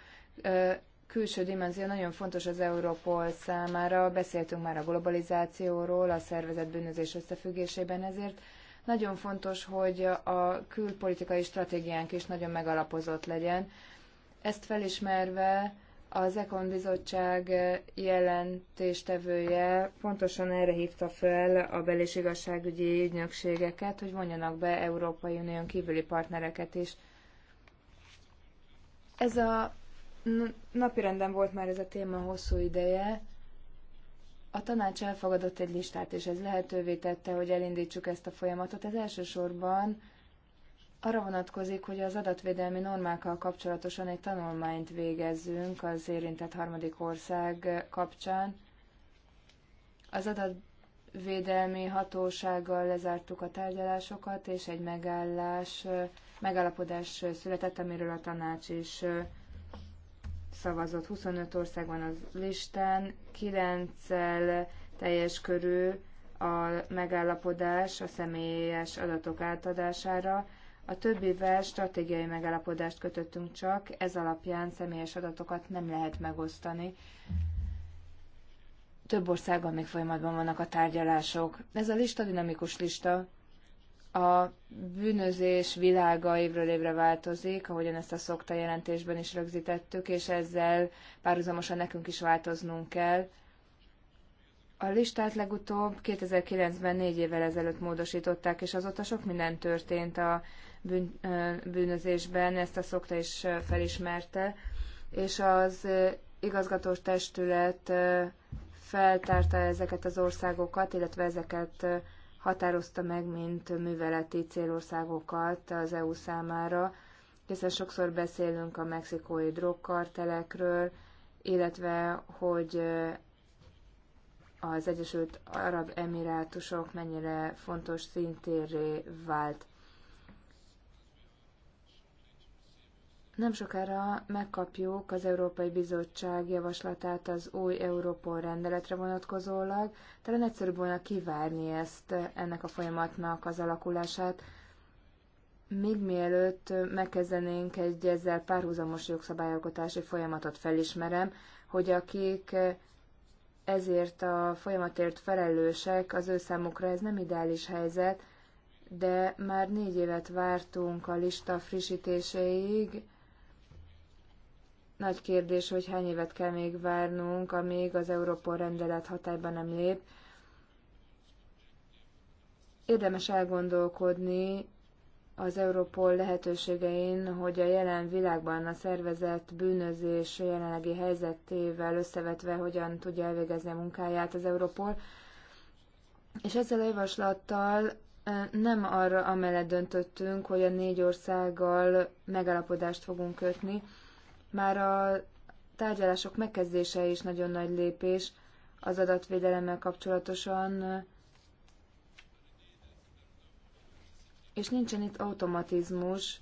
külső dimenzió nagyon fontos az Európol számára. Beszéltünk már a globalizációról, a szervezet bűnözés összefüggésében ezért. Nagyon fontos, hogy a külpolitikai stratégiánk is nagyon megalapozott legyen. Ezt felismerve az Ekon Bizottság jelentéstevője pontosan erre hívta fel a bel- és igazságügyi ügynökségeket, hogy vonjanak be Európai Unión kívüli partnereket is. Ez a napirenden volt már ez a téma hosszú ideje. A tanács elfogadott egy listát, és ez lehetővé tette, hogy elindítsuk ezt a folyamatot. Ez elsősorban arra vonatkozik, hogy az adatvédelmi normákkal kapcsolatosan egy tanulmányt végezzünk az érintett harmadik ország kapcsán. Az adatvédelmi hatósággal lezártuk a tárgyalásokat, és egy megállás, megállapodás született, amiről a tanács is szavazott 25 ország van az listán, 9 teljes körű a megállapodás a személyes adatok átadására, a többivel stratégiai megállapodást kötöttünk csak, ez alapján személyes adatokat nem lehet megosztani. Több országban még folyamatban vannak a tárgyalások. Ez a lista dinamikus lista, a bűnözés világa évről évre változik, ahogyan ezt a szokta jelentésben is rögzítettük, és ezzel párhuzamosan nekünk is változnunk kell. A listát legutóbb 2009-ben, négy évvel ezelőtt módosították, és azóta sok minden történt a bűn, bűnözésben, ezt a szokta is felismerte, és az igazgatós testület feltárta ezeket az országokat, illetve ezeket határozta meg, mint műveleti célországokat az EU számára, hiszen sokszor beszélünk a mexikói drogkartelekről, illetve hogy eh, az Egyesült Arab Emirátusok mennyire fontos szintérré vált. Nem sokára megkapjuk az Európai Bizottság javaslatát az új Európol rendeletre vonatkozólag. Talán egyszerűbb volna kivárni ezt, ennek a folyamatnak az alakulását, még mielőtt megkezdenénk egy ezzel párhuzamos jogszabályalkotási folyamatot felismerem, hogy akik ezért a folyamatért felelősek, az ő számukra ez nem ideális helyzet, de már négy évet vártunk a lista frissítéséig, nagy kérdés, hogy hány évet kell még várnunk, amíg az Európol rendelet hatályba nem lép. Érdemes elgondolkodni az Európol lehetőségein, hogy a jelen világban a szervezett bűnözés jelenlegi helyzetével összevetve hogyan tudja elvégezni a munkáját az Európol. És ezzel a javaslattal eh, nem arra amellett döntöttünk, hogy a négy országgal megállapodást fogunk kötni, már a tárgyalások megkezdése is nagyon nagy lépés az adatvédelemmel kapcsolatosan, és nincsen itt automatizmus,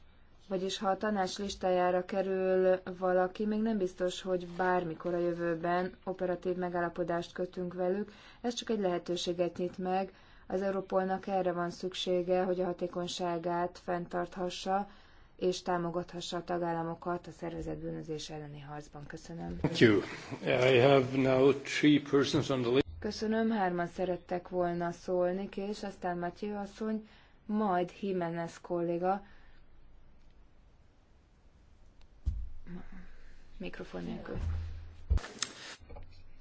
vagyis ha a tanács listájára kerül valaki, még nem biztos, hogy bármikor a jövőben operatív megállapodást kötünk velük, ez csak egy lehetőséget nyit meg, az Európolnak erre van szüksége, hogy a hatékonyságát fenntarthassa, és támogathassa a tagállamokat a szervezett bűnözés elleni harcban. Köszönöm. Thank you. I have now three persons on the list. Köszönöm, hárman szerettek volna szólni, és aztán Matyő asszony, majd Jimenez kolléga. Mikrofon nélkül.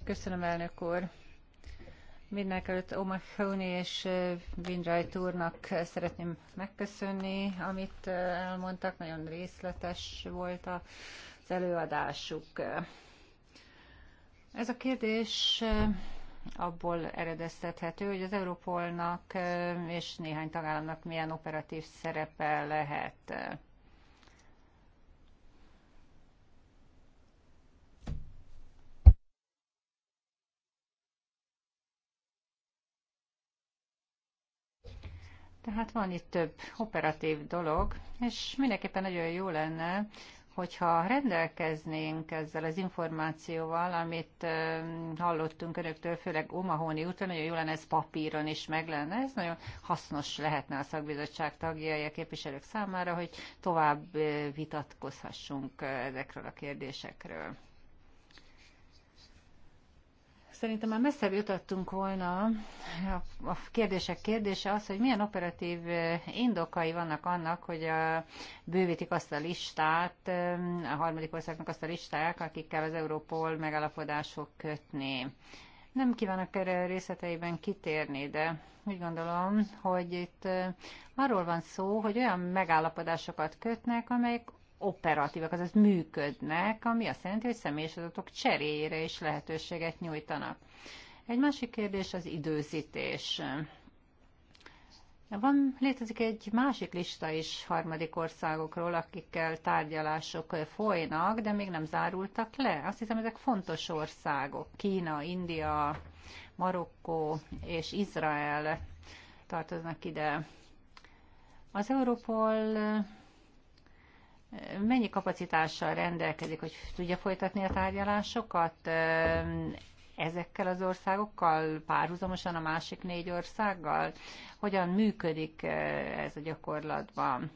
Köszönöm, elnök úr. Oma Omahony és Windrajt úrnak szeretném megköszönni, amit elmondtak, nagyon részletes volt az előadásuk. Ez a kérdés abból eredeztethető, hogy az Európolnak és néhány tagállamnak milyen operatív szerepe lehet. Tehát van itt több operatív dolog, és mindenképpen nagyon jó lenne, hogyha rendelkeznénk ezzel az információval, amit hallottunk önöktől, főleg Omahóni úton, nagyon jó lenne ez papíron is meg lenne. Ez nagyon hasznos lehetne a szakbizottság tagjai, a képviselők számára, hogy tovább vitatkozhassunk ezekről a kérdésekről szerintem már messzebb jutottunk volna. A kérdések kérdése az, hogy milyen operatív indokai vannak annak, hogy a, bővítik azt a listát, a harmadik országnak azt a listát, akikkel az Európol megállapodások kötni. Nem kívánok erre részleteiben kitérni, de úgy gondolom, hogy itt arról van szó, hogy olyan megállapodásokat kötnek, amelyek operatívak, azaz működnek, ami azt jelenti, hogy személyes adatok cseréjére is lehetőséget nyújtanak. Egy másik kérdés az időzítés. Van, létezik egy másik lista is harmadik országokról, akikkel tárgyalások folynak, de még nem zárultak le. Azt hiszem, ezek fontos országok. Kína, India, Marokkó és Izrael tartoznak ide. Az Európol mennyi kapacitással rendelkezik, hogy tudja folytatni a tárgyalásokat ezekkel az országokkal, párhuzamosan a másik négy országgal? Hogyan működik ez a gyakorlatban?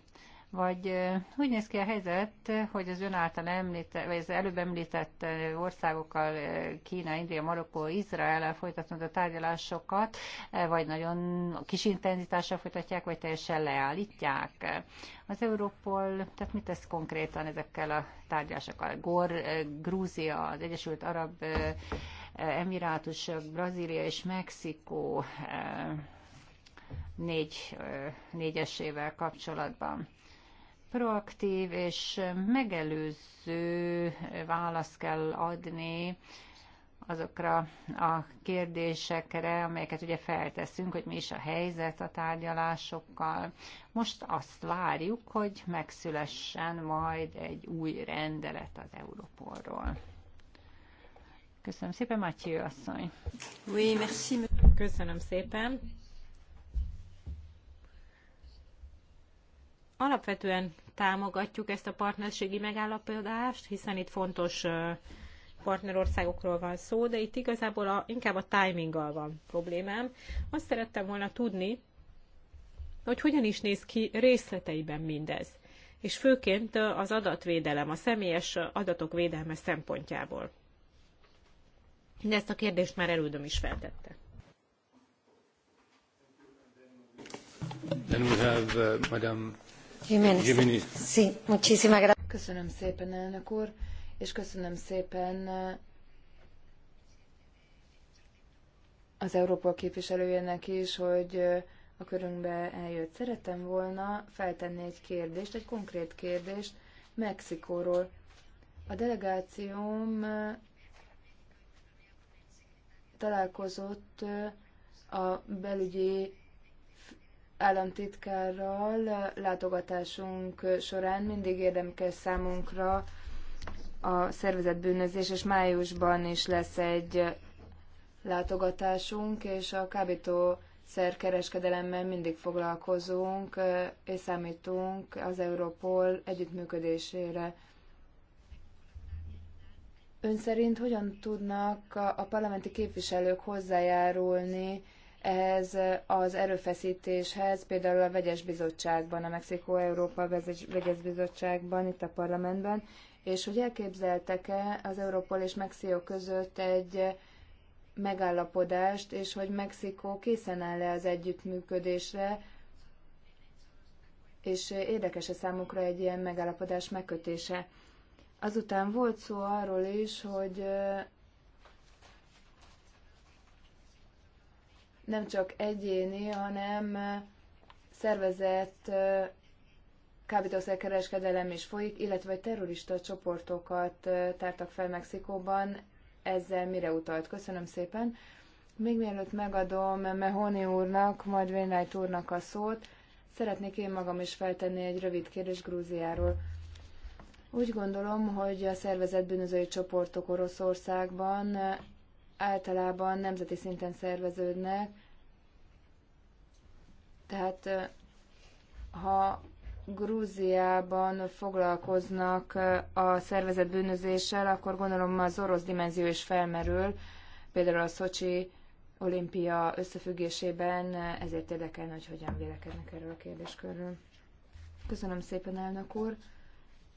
Vagy úgy néz ki a helyzet, hogy az ön által említett, vagy az előbb említett országokkal, Kína, India, Marokkó, Izrael folytatnak a tárgyalásokat, vagy nagyon kis intenzitással folytatják, vagy teljesen leállítják? Az Európol, tehát mit tesz konkrétan ezekkel a tárgyalásokkal? Gor, Grúzia, az Egyesült Arab Emirátus, Brazília és Mexikó négy, négyesével kapcsolatban proaktív és megelőző választ kell adni azokra a kérdésekre, amelyeket ugye felteszünk, hogy mi is a helyzet a tárgyalásokkal. Most azt várjuk, hogy megszülessen majd egy új rendelet az Európolról. Köszönöm szépen, Mathieu asszony. Oui, merci. Köszönöm szépen. Alapvetően támogatjuk ezt a partnerségi megállapodást, hiszen itt fontos partnerországokról van szó, de itt igazából a, inkább a timinggal van problémám. Azt szerettem volna tudni, hogy hogyan is néz ki részleteiben mindez, és főként az adatvédelem, a személyes adatok védelme szempontjából. De ezt a kérdést már elődöm is feltette. Then we have uh, Madame Köszönöm szépen, elnök úr, és köszönöm szépen eh, az Európa képviselőjének is, hogy eh, a körünkbe eljött. Szerettem volna feltenni egy kérdést, egy konkrét kérdést Mexikóról. A delegációm eh, találkozott a belügyi államtitkárral látogatásunk során mindig érdemkes számunkra a szervezetbűnözés, és májusban is lesz egy látogatásunk, és a kábító szerkereskedelemmel mindig foglalkozunk, és számítunk az Europol együttműködésére. Ön szerint hogyan tudnak a parlamenti képviselők hozzájárulni ez az erőfeszítéshez, például a Vegyes Bizottságban, a Mexikó-Európa Vegyes Bizottságban, itt a parlamentben, és hogy elképzeltek-e az Európol és Mexikó között egy megállapodást, és hogy Mexikó készen áll-e az együttműködésre, és érdekes-e számukra egy ilyen megállapodás megkötése. Azután volt szó arról is, hogy nem csak egyéni, hanem szervezett kábítószerkereskedelem is folyik, illetve terrorista csoportokat tártak fel Mexikóban. Ezzel mire utalt? Köszönöm szépen. Még mielőtt megadom Mehoni úrnak, majd Wainwright úrnak a szót, szeretnék én magam is feltenni egy rövid kérdés Grúziáról. Úgy gondolom, hogy a szervezett bűnözői csoportok Oroszországban általában nemzeti szinten szerveződnek, tehát ha Grúziában foglalkoznak a szervezet bűnözéssel, akkor gondolom az orosz dimenzió is felmerül, például a Szocsi olimpia összefüggésében, ezért érdekelne, hogy hogyan vélekednek erről a kérdéskörről. Köszönöm szépen, elnök úr!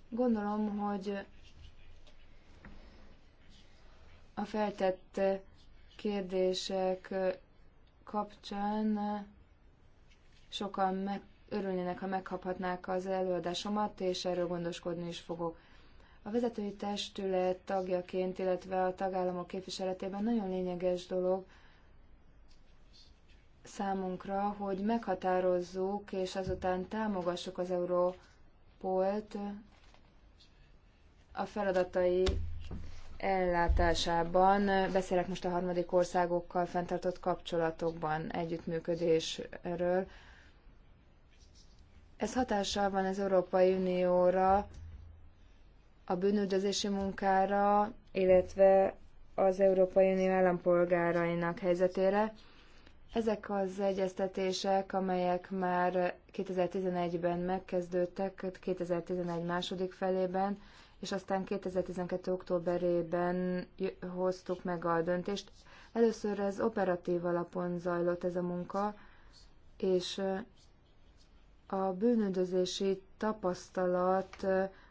Gondolom, hogy a feltett kérdések kapcsán sokan meg, örülnének, ha megkaphatnák az előadásomat, és erről gondoskodni is fogok. A vezetői testület tagjaként, illetve a tagállamok képviseletében nagyon lényeges dolog számunkra, hogy meghatározzuk, és azután támogassuk az Európolt a feladatai ellátásában. Beszélek most a harmadik országokkal fenntartott kapcsolatokban együttműködésről. Ez hatással van az Európai Unióra, a bűnüldözési munkára, illetve az Európai Unió állampolgárainak helyzetére. Ezek az egyeztetések, amelyek már 2011-ben megkezdődtek, 2011 második felében, és aztán 2012. októberében hoztuk meg a döntést. Először ez operatív alapon zajlott ez a munka, és a bűnöldözési tapasztalat,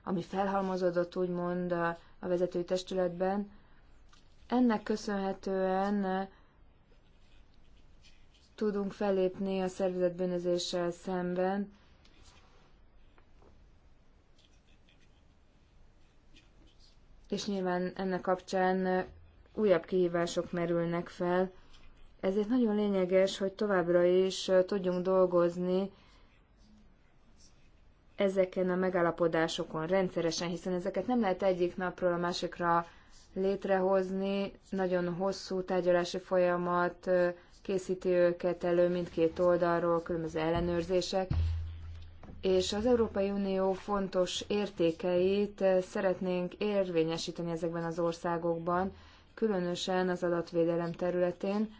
ami felhalmozódott úgymond a, a vezetői testületben, ennek köszönhetően tudunk fellépni a szervezett bűnözéssel szemben, és nyilván ennek kapcsán újabb kihívások merülnek fel. Ezért nagyon lényeges, hogy továbbra is tudjunk dolgozni ezeken a megállapodásokon rendszeresen, hiszen ezeket nem lehet egyik napról a másikra létrehozni. Nagyon hosszú tárgyalási folyamat készíti őket elő mindkét oldalról, különböző ellenőrzések, és az Európai Unió fontos értékeit eh, szeretnénk érvényesíteni ezekben az országokban, különösen az adatvédelem területén.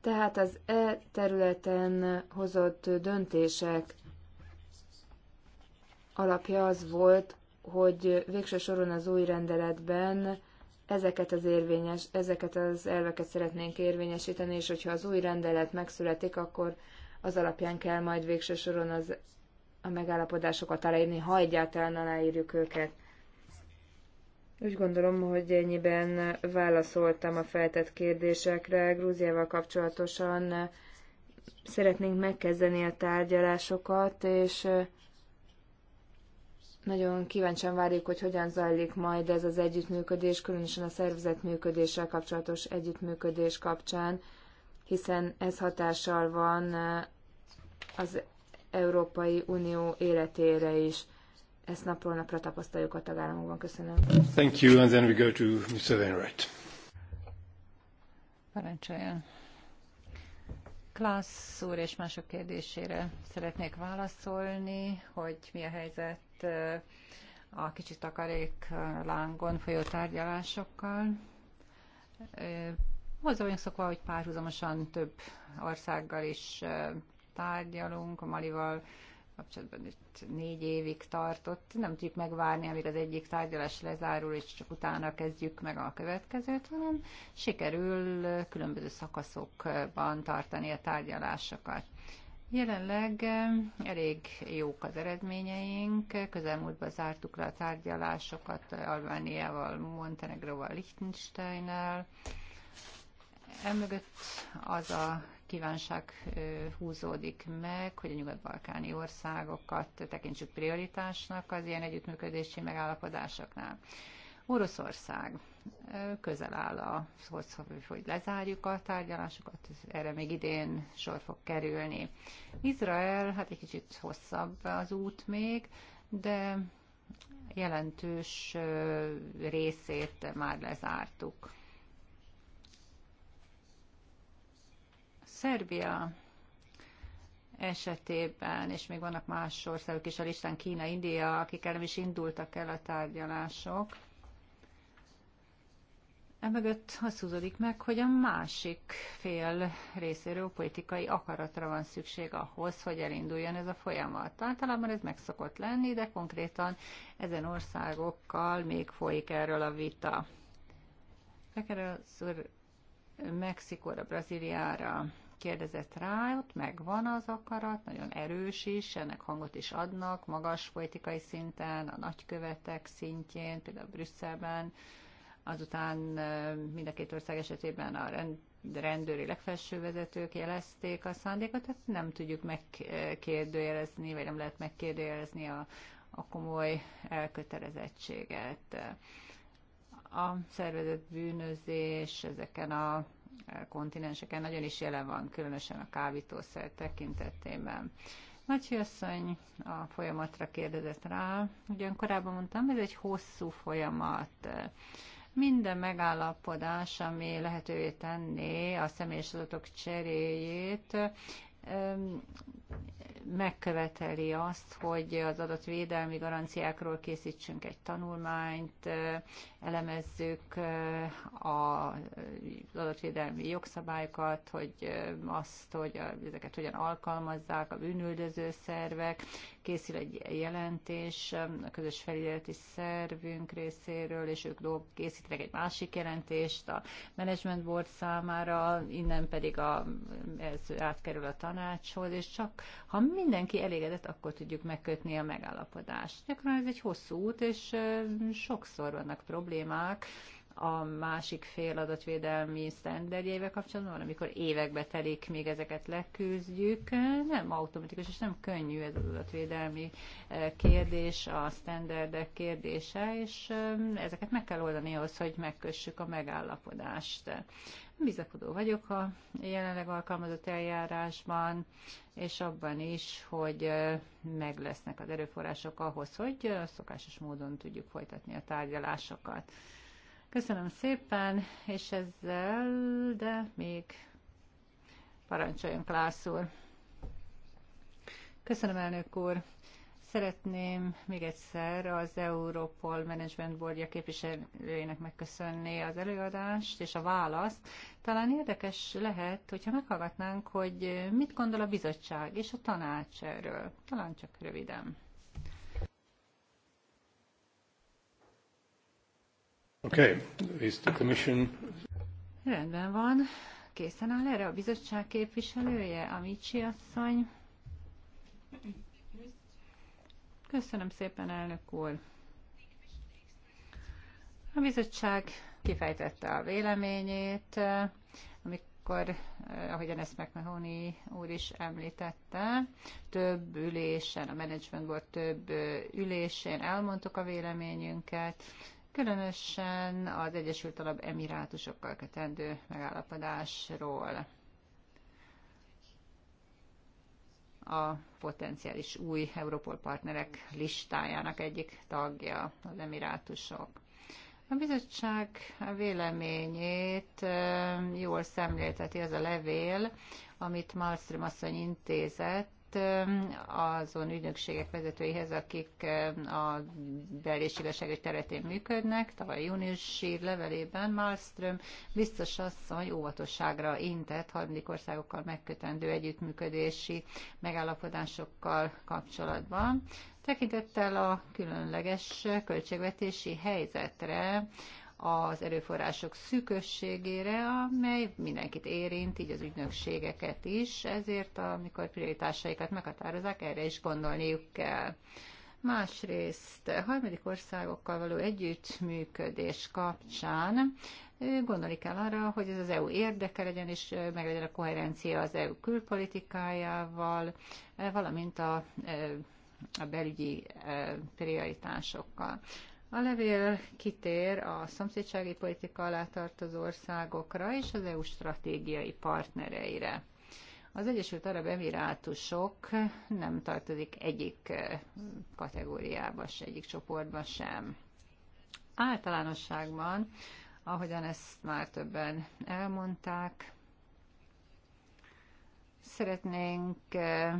Tehát az e területen hozott döntések alapja az volt, hogy végső soron az új rendeletben ezeket az, érvényes, ezeket az elveket szeretnénk érvényesíteni, és hogyha az új rendelet megszületik, akkor az alapján kell majd végső soron az a megállapodásokat aláírni, ha egyáltalán aláírjuk őket. Úgy gondolom, hogy ennyiben válaszoltam a feltett kérdésekre. Grúziával kapcsolatosan szeretnénk megkezdeni a tárgyalásokat, és nagyon kíváncsian várjuk, hogy hogyan zajlik majd ez az együttműködés, különösen a szervezet működéssel kapcsolatos együttműködés kapcsán, hiszen ez hatással van az Európai Unió életére is. Ezt napról napra tapasztaljuk a tagállamokban. Köszönöm. Thank you, and then we go to Mr. Wainwright. Parancsoljon. Klassz úr és mások kérdésére szeretnék válaszolni, hogy mi a helyzet eh, a kicsit takarék lángon folyó tárgyalásokkal. Eh, hozzá vagyunk szokva, hogy párhuzamosan több országgal is eh, tárgyalunk, a Malival kapcsolatban itt négy évig tartott. Nem tudjuk megvárni, amíg az egyik tárgyalás lezárul, és csak utána kezdjük meg a következőt, hanem sikerül különböző szakaszokban tartani a tárgyalásokat. Jelenleg elég jók az eredményeink. Közelmúltban zártuk le a tárgyalásokat Albániával, Montenegroval, Liechtensteinnel. Emögött az a kívánság húzódik meg, hogy a nyugat-balkáni országokat tekintsük prioritásnak az ilyen együttműködési megállapodásoknál. Oroszország közel áll ahhoz, hogy lezárjuk a tárgyalásokat, erre még idén sor fog kerülni. Izrael, hát egy kicsit hosszabb az út még, de jelentős részét már lezártuk Szerbia esetében, és még vannak más országok is a listán, Kína, India, akik nem is indultak el a tárgyalások. Emögött azt húzódik meg, hogy a másik fél részéről politikai akaratra van szükség ahhoz, hogy elinduljon ez a folyamat. Általában ez meg szokott lenni, de konkrétan ezen országokkal még folyik erről a vita. úr Mexikóra, Brazíliára, kérdezett rá, ott megvan az akarat, nagyon erős is, ennek hangot is adnak, magas politikai szinten, a nagykövetek szintjén, például Brüsszelben, azután mind a két ország esetében a rend, rendőri legfelső vezetők jelezték a szándékot, tehát nem tudjuk megkérdőjelezni, vagy nem lehet megkérdőjelezni a, a komoly elkötelezettséget. A szervezett bűnözés ezeken a kontinenseken nagyon is jelen van, különösen a kábítószer tekintetében. Nagy asszony a folyamatra kérdezett rá, ugyan korábban mondtam, ez egy hosszú folyamat. Minden megállapodás, ami lehetővé tenné a személyes adatok cseréjét, megköveteli azt, hogy az adatvédelmi garanciákról készítsünk egy tanulmányt, elemezzük az adatvédelmi jogszabályokat, hogy azt, hogy ezeket hogyan alkalmazzák a bűnüldöző szervek, készül egy jelentés a közös felügyeleti szervünk részéről, és ők készítenek egy másik jelentést a management board számára, innen pedig a, ez átkerül a tanácshoz, és csak ha mindenki elégedett, akkor tudjuk megkötni a megállapodást. Gyakran ez egy hosszú út, és sokszor vannak problémák, a másik fél adatvédelmi sztenderdjeivel kapcsolatban, amikor évekbe telik, még ezeket leküzdjük, nem automatikus és nem könnyű ez az adatvédelmi e, kérdés, a sztenderdek kérdése, és e, ezeket meg kell oldani ahhoz, hogy megkössük a megállapodást. Bizakodó vagyok a jelenleg alkalmazott eljárásban, és abban is, hogy e, meg lesznek az erőforrások ahhoz, hogy szokásos módon tudjuk folytatni a tárgyalásokat. Köszönöm szépen, és ezzel, de még parancsoljon Klász úr. Köszönöm, elnök úr. Szeretném még egyszer az Europol Management Boardja képviselőjének megköszönni az előadást és a választ. Talán érdekes lehet, hogyha meghallgatnánk, hogy mit gondol a bizottság és a tanács erről. Talán csak röviden. Okay. Is the commission... Rendben van. Készen áll erre a bizottság képviselője, Amici asszony. Köszönöm szépen, elnök úr. A bizottság kifejtette a véleményét, amikor, eh, ahogyan ezt McMahony úr is említette, több ülésen, a menedzsment volt több eh, ülésén elmondtuk a véleményünket, különösen az Egyesült Arab Emirátusokkal kötendő megállapodásról a potenciális új Europol partnerek listájának egyik tagja az Emirátusok. A bizottság véleményét jól szemlélteti az a levél, amit Malmström asszony intézett azon ügynökségek vezetőihez, akik a belési igazságügy területén működnek. Tavaly júniusi levelében Malmström biztos asszony óvatosságra intett harmadik országokkal megkötendő együttműködési megállapodásokkal kapcsolatban. Tekintettel a különleges költségvetési helyzetre, az erőforrások szűkösségére, amely mindenkit érint, így az ügynökségeket is, ezért amikor prioritásaikat meghatározzák, erre is gondolniuk kell. Másrészt harmadik országokkal való együttműködés kapcsán gondolni kell arra, hogy ez az EU érdeke legyen, és meg legyen a koherencia az EU külpolitikájával, valamint a, a belügyi prioritásokkal. A levél kitér a szomszédsági politika alá tartozó országokra és az EU stratégiai partnereire. Az Egyesült Arab Emirátusok nem tartozik egyik eh, kategóriába, se egyik csoportba sem. Általánosságban, ahogyan ezt már többen elmondták, szeretnénk eh,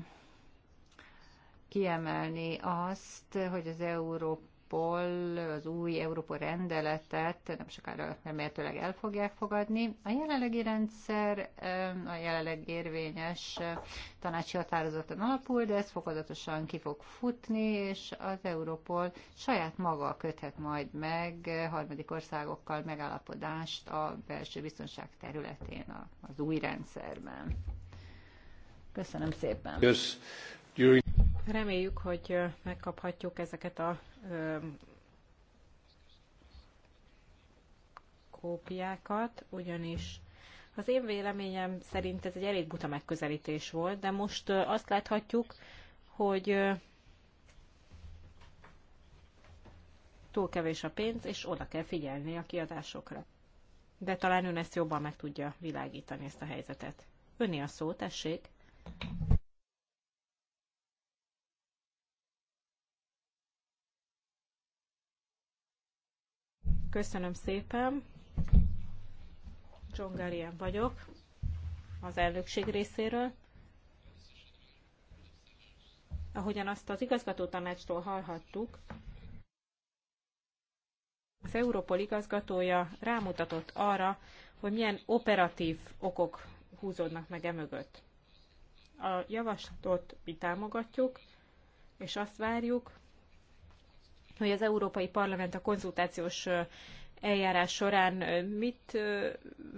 kiemelni azt, hogy az Európa Europol, az új Európa rendeletet nem sokára remélhetőleg el fogják fogadni. A jelenlegi rendszer a jelenleg érvényes tanácsi határozaton alapul, de ez fokozatosan ki fog futni, és az Európol saját maga köthet majd meg harmadik országokkal megállapodást a belső biztonság területén az új rendszerben. Köszönöm szépen! Reméljük, hogy megkaphatjuk ezeket a kópiákat, ugyanis az én véleményem szerint ez egy elég buta megközelítés volt, de most azt láthatjuk, hogy túl kevés a pénz, és oda kell figyelni a kiadásokra. De talán ön ezt jobban meg tudja világítani, ezt a helyzetet. Önni a szó, tessék! Köszönöm szépen. John Garian vagyok, az elnökség részéről. Ahogyan azt az igazgató tanácstól hallhattuk, az Európol igazgatója rámutatott arra, hogy milyen operatív okok húzódnak meg emögött. A javaslatot mi támogatjuk, és azt várjuk, hogy az Európai Parlament a konzultációs eljárás során mit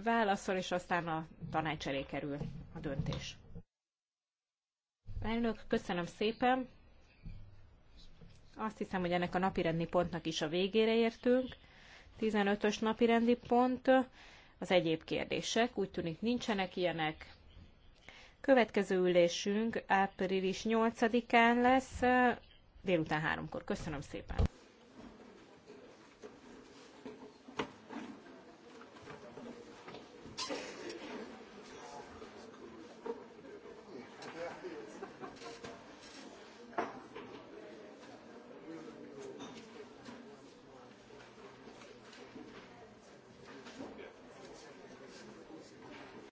válaszol, és aztán a tanács elé kerül a döntés. Elnök, köszönöm szépen. Azt hiszem, hogy ennek a napirendi pontnak is a végére értünk. 15-ös napirendi pont, az egyéb kérdések, úgy tűnik nincsenek ilyenek. Következő ülésünk április 8-án lesz, délután háromkor. Köszönöm szépen!